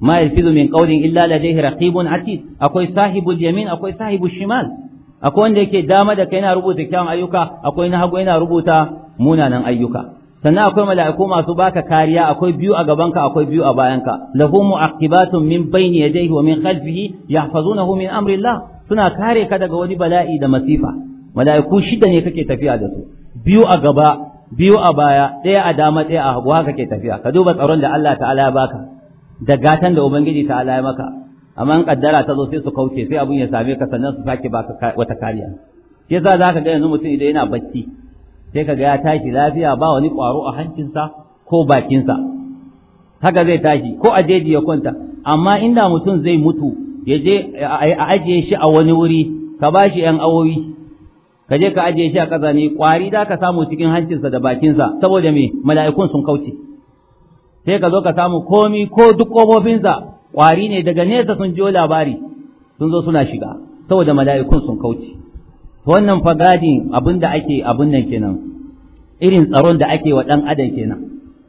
ma yalfizu min qawlin illa ladayhi raqibun atid akwai sahibul yamin akwai sahibul shimal akwai wanda yake dama da kai yana rubuta kyawun ayyuka akwai na hagu yana rubuta munanan ayyuka sannan akwai mala'iku masu baka kariya akwai biyu a gabanka akwai biyu a bayanka lahu mu'aqibatun min bayni yadayhi wa min khalfihi yahfazunahu min amrillah suna kare ka daga wani bala'i da masifa mala'iku shida ne kake tafiya da su biyu a gaba biyu a baya ɗaya a dama ɗaya a hagu haka ke tafiya ka duba tsaron da Allah ta'ala ya baka da gatan da ubangiji ta'ala ya maka amma in kaddara ta zo sai su kauce sai abun ya same ka sannan su sake baka wata kariya yasa zaka ga yanzu mutum idan yana bacci sai ga ya tashi lafiya ba wani ƙwaro a hancinsa ko bakinsa haka zai tashi ko a jeji ya kwanta amma inda mutum zai mutu ya je a ajiye shi a wani wuri ka bashi 'yan awowi ka je ka ajiye shi a kazani kwari za ka samu cikin hancinsa da bakinsa saboda me mala'ikun sun kauce sai ka zo ka samu komi ko duk kofofinsa kwari ne daga nesa sun jiyo labari sun zo suna shiga saboda mala'ikun sun kauce wannan fagadin abin da ake abin nan kenan irin tsaron da ake wa dan adam kenan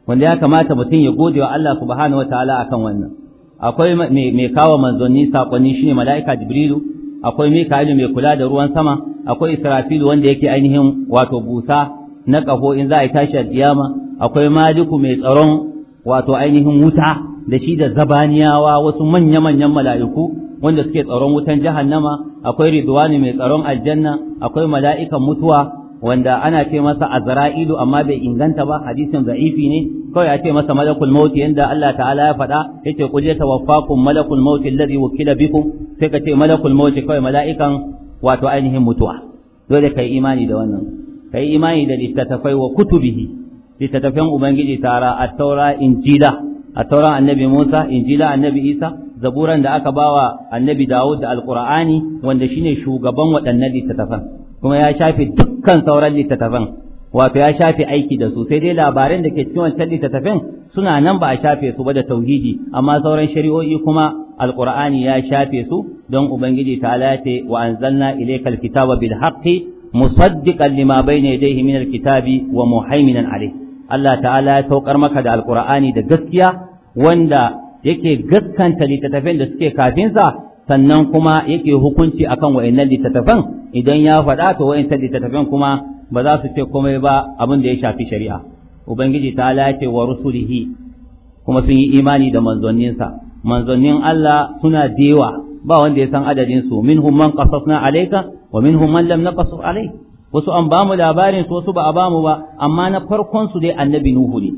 wanda ya kamata mutum ya gode wa Allah subhanahu wataala akan wannan akwai mai kawo manzanni sakonni shine mala'ika jibrilu akwai mika'il mai kula da ruwan sama akwai israfilu wanda yake ainihin wato busa na ƙaho in za a yi tashi a kiyama akwai maliku mai tsaron wato ainihin wuta da shi da zabaniyawa wasu manya-manyan mala'iku wanda suke tsaron wutan jahannama akwai ridwani mai tsaron aljanna akwai mala'ikan mutuwa wanda ana ce masa azra'ilu amma bai inganta ba hadisin za'ifi ne kawai a ce masa malakul mauti yanda Allah ta'ala ya faɗa yace qul yatawaffakum malakul maut alladhi wukila bikum sai ka ce malakul mauti kawai mala'ikan wato ainihin mutuwa dole kai imani da wannan kai imani da littattafai wa kutubihi littattafan ubangiji tara at-taura injila at-taura annabi Musa injila annabi Isa zaburan da aka bawa annabi Dawud da alqur'ani wanda shine shugaban waɗannan littattafan kuma ya shafe dukkan sauran littattafan wato ya shafe aiki da su sai dai labaran da ke cikin wancan littattafin suna nan ba a shafe su ba da tauhidi amma sauran shari'o'i kuma alqur'ani ya shafe su don ubangiji ta ce wa anzalna ilaykal kitaba bil haqqi musaddiqan lima bayna yadayhi min kitabi wa muhaiminan alayh Allah ta'ala ya saukar maka da alqur'ani da gaskiya wanda yake gaskanta littattafan da suke kafinsa sannan kuma yake hukunci akan wa'annan littattafan idan ya faɗa to wa'annan littattafan kuma ba za su ce komai ba abin da ya shafi shari'a ubangiji ta lace wa rusulihi kuma sun yi imani da manzanninsa manzannin Allah suna dewa ba wanda ya san adadin su minhum man qasasna alayka wa minhum man lam naqasus alayk wasu an bamu labarin su wasu ba a bamu ba amma na farkon su dai annabi nuhu ne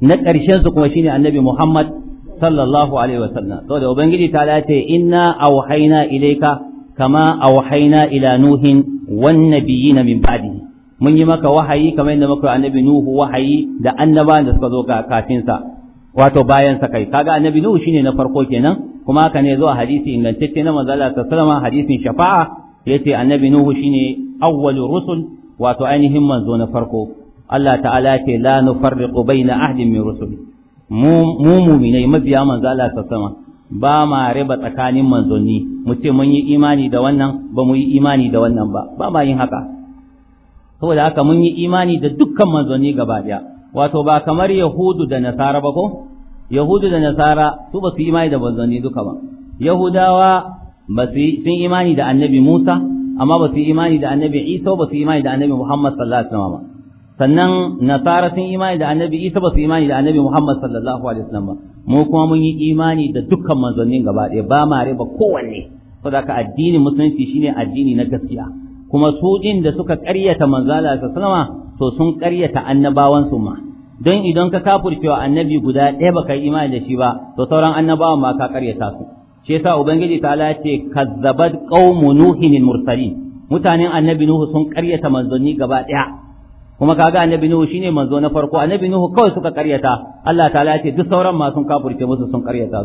na ƙarshen su kuma shine annabi Muhammad sallallahu alaihi wasallam saboda ubangiji ta lace inna auhayna ilayka kama auhayna ila nuhin wan nabiyina min ba'di mun yi maka wahayi kamar yadda muka annabi nuhu wahayi da annabawan da suka zo ga kafin sa wato bayan sa kai kaga annabi nuhu shine na farko kenan kuma haka ne zo a hadisi ingantacce na manzo Allah sallallahu hadisin shafa'a yace annabi nuhu shine awwalur rusul wato ainihin manzo na farko Allah ta'ala ce la nufarriqu baina ahdin min rusuli mu muminai mabiya manzo Allah sama ba ma riba tsakanin manzonni mu ce mun yi imani da wannan ba mu yi imani da wannan ba ba ma yin haka saboda haka mun yi imani da dukkan manzanni gaba daya wato ba kamar yahudu da nasara ba ko yahudu da nasara su ba su imani da manzanni duka ba yahudawa ba su sun imani da annabi musa amma ba su imani da annabi isa ba su imani da annabi muhammad sallallahu alaihi wasallam sannan nasara sun imani da annabi isa ba su imani da annabi muhammad sallallahu alaihi wasallam ba mu kuma mun yi imani da dukkan manzannin gaba ɗaya ba ma riba kowanne saboda addinin musulunci shine addini na gaskiya kuma su din da suka ƙaryata manzala sallama to sun ƙaryata annabawan su ma don idan ka kafurcewa annabi guda ɗaya baka yi imani da shi ba to sauran annabawan ma ka ƙaryata su shi yasa ubangiji ta Ala ce kazzabat qaumu nuhin mursalin mutanen annabi nuhu sun ƙaryata manzanni gaba ɗaya kuma kaga annabi nuhu shine manzo na farko annabi nuhu kawai suka karyata Allah ta'ala ya ce duk sauran ma sun kafurce musu sun karyata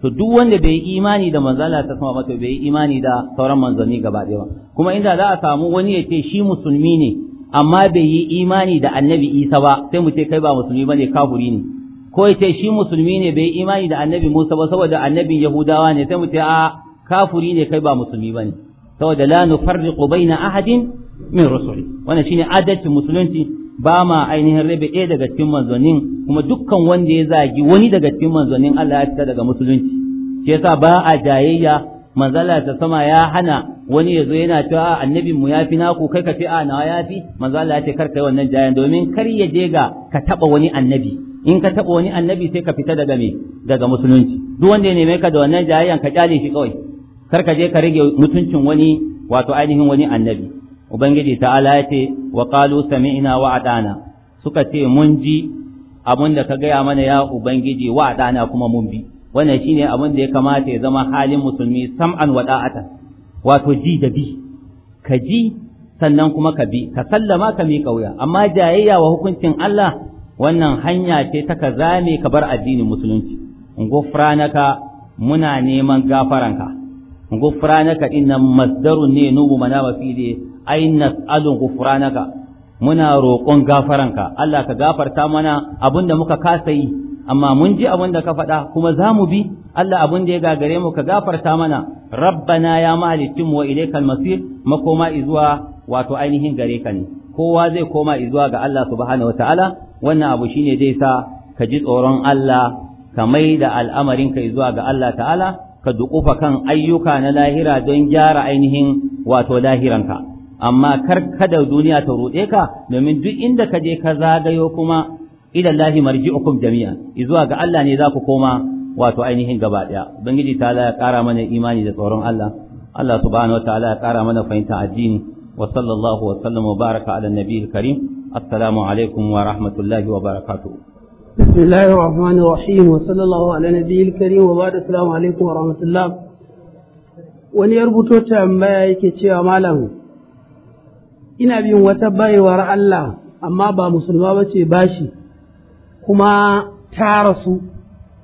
su to duk wanda bai imani da manzo Allah ta sama to bai imani da sauran manzanni gaba ɗaya ba kuma inda za a samu wani ya ce shi musulmi ne amma bai yi imani da annabi Isa ba sai mu ce kai ba musulmi bane kafuri ne ko ya ce shi musulmi ne bai imani da annabi Musa ba saboda annabin Yahudawa ne sai mu ce a kafuri ne kai ba musulmi bane saboda la nufarriqu baina ahadin min rusuli wannan shine adalcin musulunci ba ma ainihin rabe ɗaya daga cikin manzonin kuma dukkan wanda ya zagi wani daga cikin manzonin Allah ya fita daga musulunci Ke sa ba a jayayya manzala ta sama ya hana wani ya zo yana cewa annabin mu yafi naku kai ka ce a nawa yafi manzala ya ce kar kai wannan jayan domin kar ya je ga ka taba wani annabi in ka taba wani annabi sai ka fita daga me daga musulunci duk wanda ya neme ka da wannan jayayyan ka kyale shi kawai kar ka je ka rage mutuncin wani wato ainihin wani annabi ubangiji ta'ala ya ce wa qalu sami'na wa atana suka ce mun ji abin da ka gaya mana ya ubangiji wa atana kuma mun bi wannan shine abin da ya kamata ya zama halin musulmi sam'an wa da'ata wato ji da bi ka ji sannan kuma ka bi ka sallama ka miƙa wuya amma jayayya wa hukuncin Allah wannan hanya ce ta ka zame ka bar addinin musulunci in muna neman gafaranka gufranaka innan masdarun ne nubu mana ba fi ne ai nas'alun gufranaka muna roƙon gafaranka Allah ka gafarta mana abinda muka kasa yi amma mun ji abin da ka faɗa kuma za mu bi Allah abin da ya gagare mu ka gafarta mana rabbana ya mahalicin mu wa ilaikal masir makoma izuwa wato ainihin gare ka ne kowa zai koma izuwa ga Allah subhanahu wataala wannan abu shine zai sa ka ji tsoron Allah ka mai da al'amarinka izuwa ga Allah ta'ala ka duƙufa kan ayyuka na lahira don gyara ainihin wato lahiranka amma kar kada duniya ta ruɗe ka domin duk inda ka je ka zagayo kuma ila lahi marji'ukum jami'a zuwa ga Allah ne za ku koma wato ainihin gaba ɗaya ubangiji ta ya ƙara mana imani da tsoron Allah Allah subhanahu wataala ya ƙara mana fahimta addini wa sallallahu wa sallama baraka ala nabiyil karim assalamu alaikum wa rahmatullahi wa barakatuh بسم الله الرحمن الرحيم وصلى الله على نبي الكريم وبعد السلام عليكم ورحمة الله wani ya rubuto tambaya yake cewa malam ina bin wata baiwar Allah amma ba musulma ba ce bashi kuma ta rasu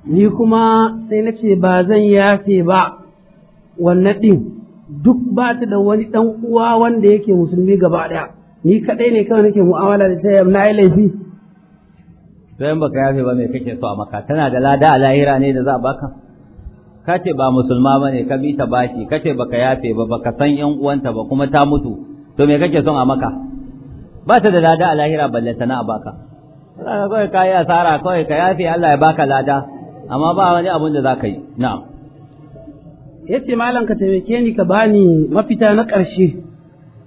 ni kuma sai na ce ba zan yafe ba wannan ɗin duk ba ta da wani ɗan uwa wanda yake musulmi gaba ɗaya ni kaɗai ne kawai nake mu'amala da ta na yi laifi Sayan baka yafe ba mai kake so a maka tana da lada a lahira ne da za a baka ka ce ba musulma ba ne ka bi ta bashi ka ce baka yafe ba baka san yan uwanta ba kuma ta mutu to me kake son a maka ba ta da lada a lahira balle tana a baka Allah kawai ka yi asara kawai ka yafe Allah ya baka lada amma ba wani abun da za ka yi na'am yace malam ka taimake ni ka bani mafita na ƙarshe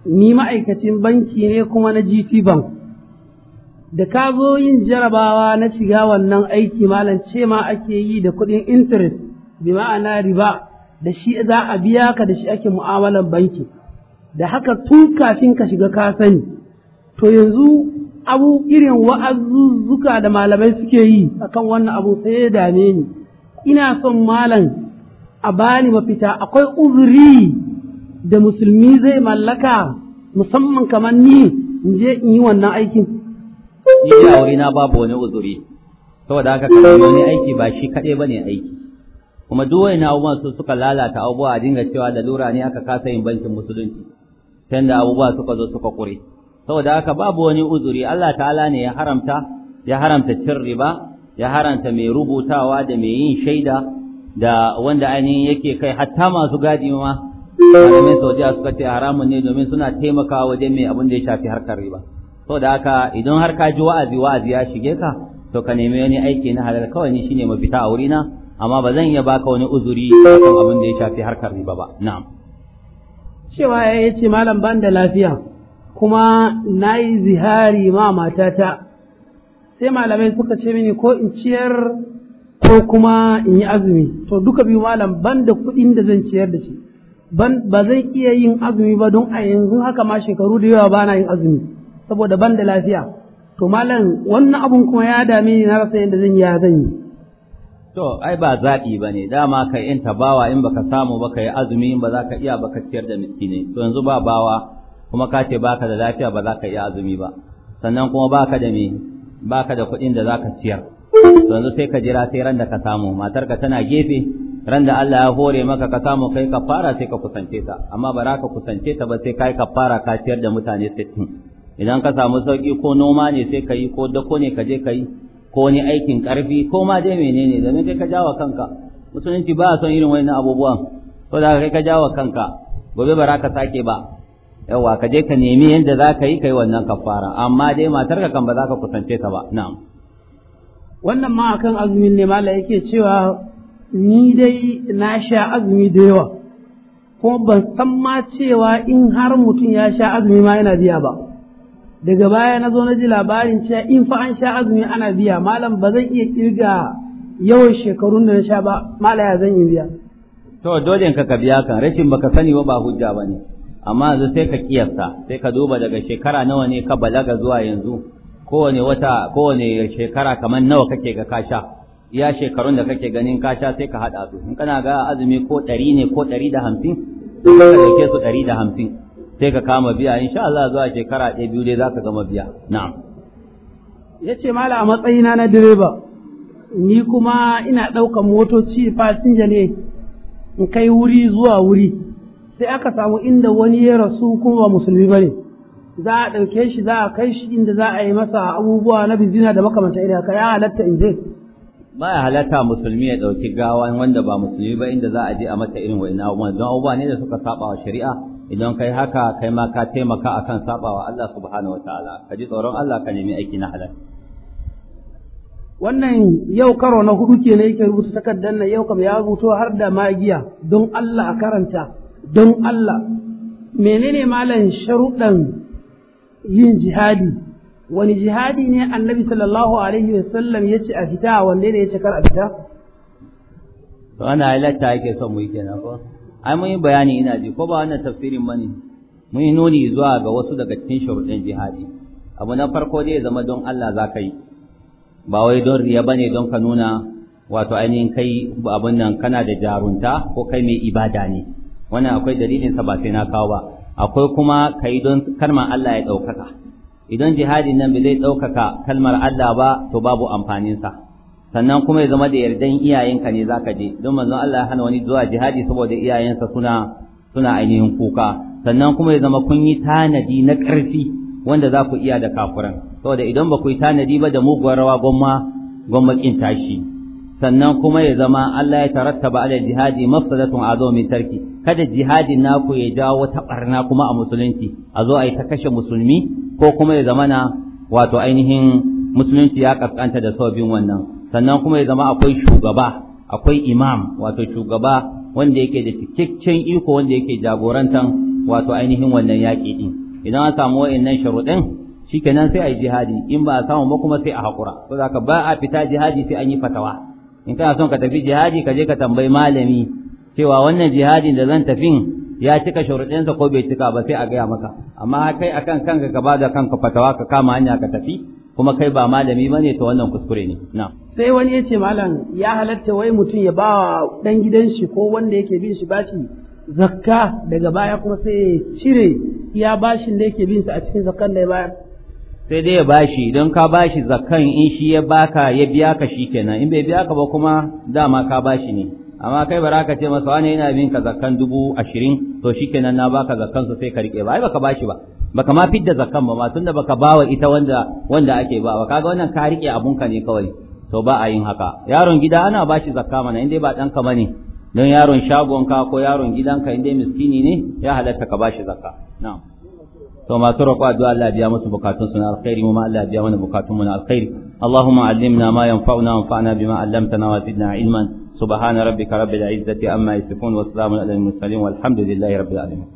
ni ma'aikacin banki ne kuma na GT bank da ka zo yin jarabawa na shiga wannan aiki malam ce ma ake yi da kuɗin interest bi ma'ana riba da shi za a biya ka da shi ake mu'amalan banki da haka tun kafin ka shiga ka sani to yanzu abu irin wa'azuzzuka da malamai suke yi akan wannan abu sai ya dame ni ina son malam a bani mafita akwai uzuri da musulmi zai mallaka musamman kamar ni in je in yi wannan aikin ni aure na babu wani uzuri saboda haka kan wani aiki ba shi kaɗai ba ne aiki kuma duk wani abubuwan su suka lalata abubuwa a dinga cewa da lura ne aka kasa yin bankin musulunci da abubuwa suka zo suka kure saboda haka babu wani uzuri Allah ta'ala ne ya haramta ya haramta cin riba ya haramta mai rubutawa da mai yin shaida da wanda ainihin yake kai hatta masu gadi ma malamin saudiya suka ce haramun ne domin suna taimakawa wajen mai abin da ya shafi harkar riba so da haka idan har ka ji wa'azi wa'azi ya shige ka to ka nemi wani aiki na halal kawai ni shine mafita a wurina amma ba zan iya baka wani uzuri kan abin da ya shafi harkar riba ba na'am cewa ya yi ce malam ban da lafiya kuma na yi zihari ma matata sai malamai suka ce mini ko in ciyar ko kuma in yi azumi to duka biyu malam ban da kuɗin da zan ciyar da shi ba zan iya yin azumi ba don a yanzu haka ma shekaru da yawa ba na yin azumi saboda ban da lafiya to malam wannan abun kuma ya dame ni na rasa yadda zan ya zan yi to ai ba zaɓi ba ne dama ka in bawa in baka samu ba yi azumi in ba za ka iya baka ciyar da ne to yanzu ba bawa kuma ka ce baka da lafiya ba za ka iya azumi ba sannan kuma baka da me baka da kuɗin da za ka ciyar to yanzu sai ka jira sai ran da ka samu matarka tana gefe ran da Allah ya hore maka ka samu kai ka fara sai ka kusance ta amma ba za ka kusance ta ba sai kai ka fara ka ciyar da mutane sittin idan ka samu sauki ko noma ne sai ka yi ko dako ne ka je ka yi ko wani aikin karfi ko ma dai menene domin kai ka jawa kanka musulunci ba a son irin wani abubuwan ko da kai ka jawa kanka gobe ba za ka sake ba yawa ka je ka nemi yadda za ka yi ka yi wannan kafara amma dai matar ka kan ba za ka kusance ta ba na'am wannan ma akan azumin ne mala yake cewa ni dai na sha azumi da yawa ko ban san ma cewa in har mutum ya sha azumi ma yana biya ba daga baya na zo na ji labarin cewa in fa an sha azumi ana biya malam ba zan iya kirga yawan shekarun da na sha ba malaya zan yi biya to dole ka ka biya kan rashin baka sani ba ba hujja bane amma yanzu sai ka kiyasta sai ka duba daga shekara nawa ne ka balaga zuwa yanzu kowane wata kowane shekara kamar nawa kake ga ka sha iya shekarun da kake ganin ka sha sai ka haɗa su in kana ga azumi ko ɗari ne ko ɗari da hamsin ka ɗauke su ɗari da hamsin sai ka kama biya In sha Allah zuwa shekara ɗaya biyu dai za ka gama biya na'am ce, mala a matsayina na direba ni kuma ina ɗaukan motoci fasinja ne in kai wuri zuwa wuri sai aka samu inda wani ya rasu kuma ba musulmi ne za a ɗauke shi za a kai shi inda za a yi masa abubuwa na bizina da makamanta ida ka ya halatta in je ba ya halatta musulmi ya ɗauki gawa wanda ba musulmi ba inda za a je a mata irin wa'ina don abubuwa ne da suka saba wa shari'a idan kai haka kai ma ka taimaka akan sabawa Allah subhanahu wataala ka ji tsoron Allah ka nemi aiki na halal wannan yau karo na hudu ke ne yake rubuta takardar nan yau kam ya rubuto har da magiya don Allah a karanta don Allah menene malam sharuɗan yin jihadi wani jihadi ne annabi sallallahu alaihi wasallam ya ce a fita wanda ne ya ce kar a fita to ana halatta yake son mu yi kenan ko ai mun yi bayani ina ji ko ba wannan tafsirin bane mun yi nuni zuwa ga wasu daga cikin sharuɗin jihadi abu na farko zai zama don Allah za ka yi ba wai don riya bane don ka nuna wato ainihin kai abin nan kana da jarunta ko kai mai ibada ne wannan akwai dalilin sa ba sai na kawo ba akwai kuma kai don kalmar Allah ya ɗaukaka idan jihadin nan bai zai ɗaukaka kalmar Allah ba to babu amfanin sa sannan kuma ya zama da yardan iyayenka ne zaka je don manzon Allah ya hana wani zuwa jihadi saboda iyayensa suna suna ainihin kuka sannan kuma ya zama kun yi tanadi na ƙarfi wanda za ku iya da kafuran saboda idan ba ku yi tanadi ba da muguwar rawa gwamma gwamma kin tashi sannan kuma ya zama Allah ya tarattaba ala jihadi mafsadatun azo min tarki kada jihadin naku ya jawo wata barna kuma a musulunci a zo a yi ta kashe musulmi ko kuma ya zama na wato ainihin musulunci ya kaskanta da sabbin wannan sannan kuma ya zama akwai shugaba akwai imam wato shugaba wanda yake da cikakken iko wanda yake jagorantan wato ainihin wannan yaƙi din idan an samu wa'annan sharuɗin shikenan sai a yi jihadi in ba a samu ba kuma sai a haƙura to zaka ba a fita jihadi sai an yi fatawa in kana son ka tafi jihadi ka je ka tambayi malami cewa wannan jihadin da zan tafin ya cika sharuɗinsa ko bai cika ba sai a gaya maka amma kai akan kanka ka bada kanka fatawa ka kama hanya ka tafi kuma kai ba malami bane to wannan kuskure ne na sai wani ya ce malam ya halatta wai mutum ya ba dan gidan shi ko wanda yake bin shi bashi zakka daga baya kuma sai ya cire ya bashin da yake bin sa a cikin zakkan da ya bayar sai dai ya bashi don ka bashi zakkan in shi ya baka ya biya ka shikenan in bai biya ka ba kuma dama ka bashi ne amma kai bara ka ce masa wani yana bin ka zakkan dubu ashirin to shikenan na baka zakkan su sai ka rike ba ai baka bashi ba baka ma fidda zakkan ba ma tunda baka bawa ita wanda wanda ake ba ba kaga wannan ka rike abun ka ne kawai to ba a yin haka yaron gida ana bashi zakka mana indai ba danka bane don yaron shagon ka ko yaron gidan gidanka indai miskini ne ya halatta ka bashi zakka na'am to masu roƙo addu'a Allah biya musu bukatun su na alkhairi mu ma Allah biya mana bukatun mu na alkhairi Allahumma allimna ma yanfa'una wanfa'na bima 'allamtana wa zidna ilman سبحان ربك رب العزة أما يسفون وسلام على المرسلين والحمد لله رب العالمين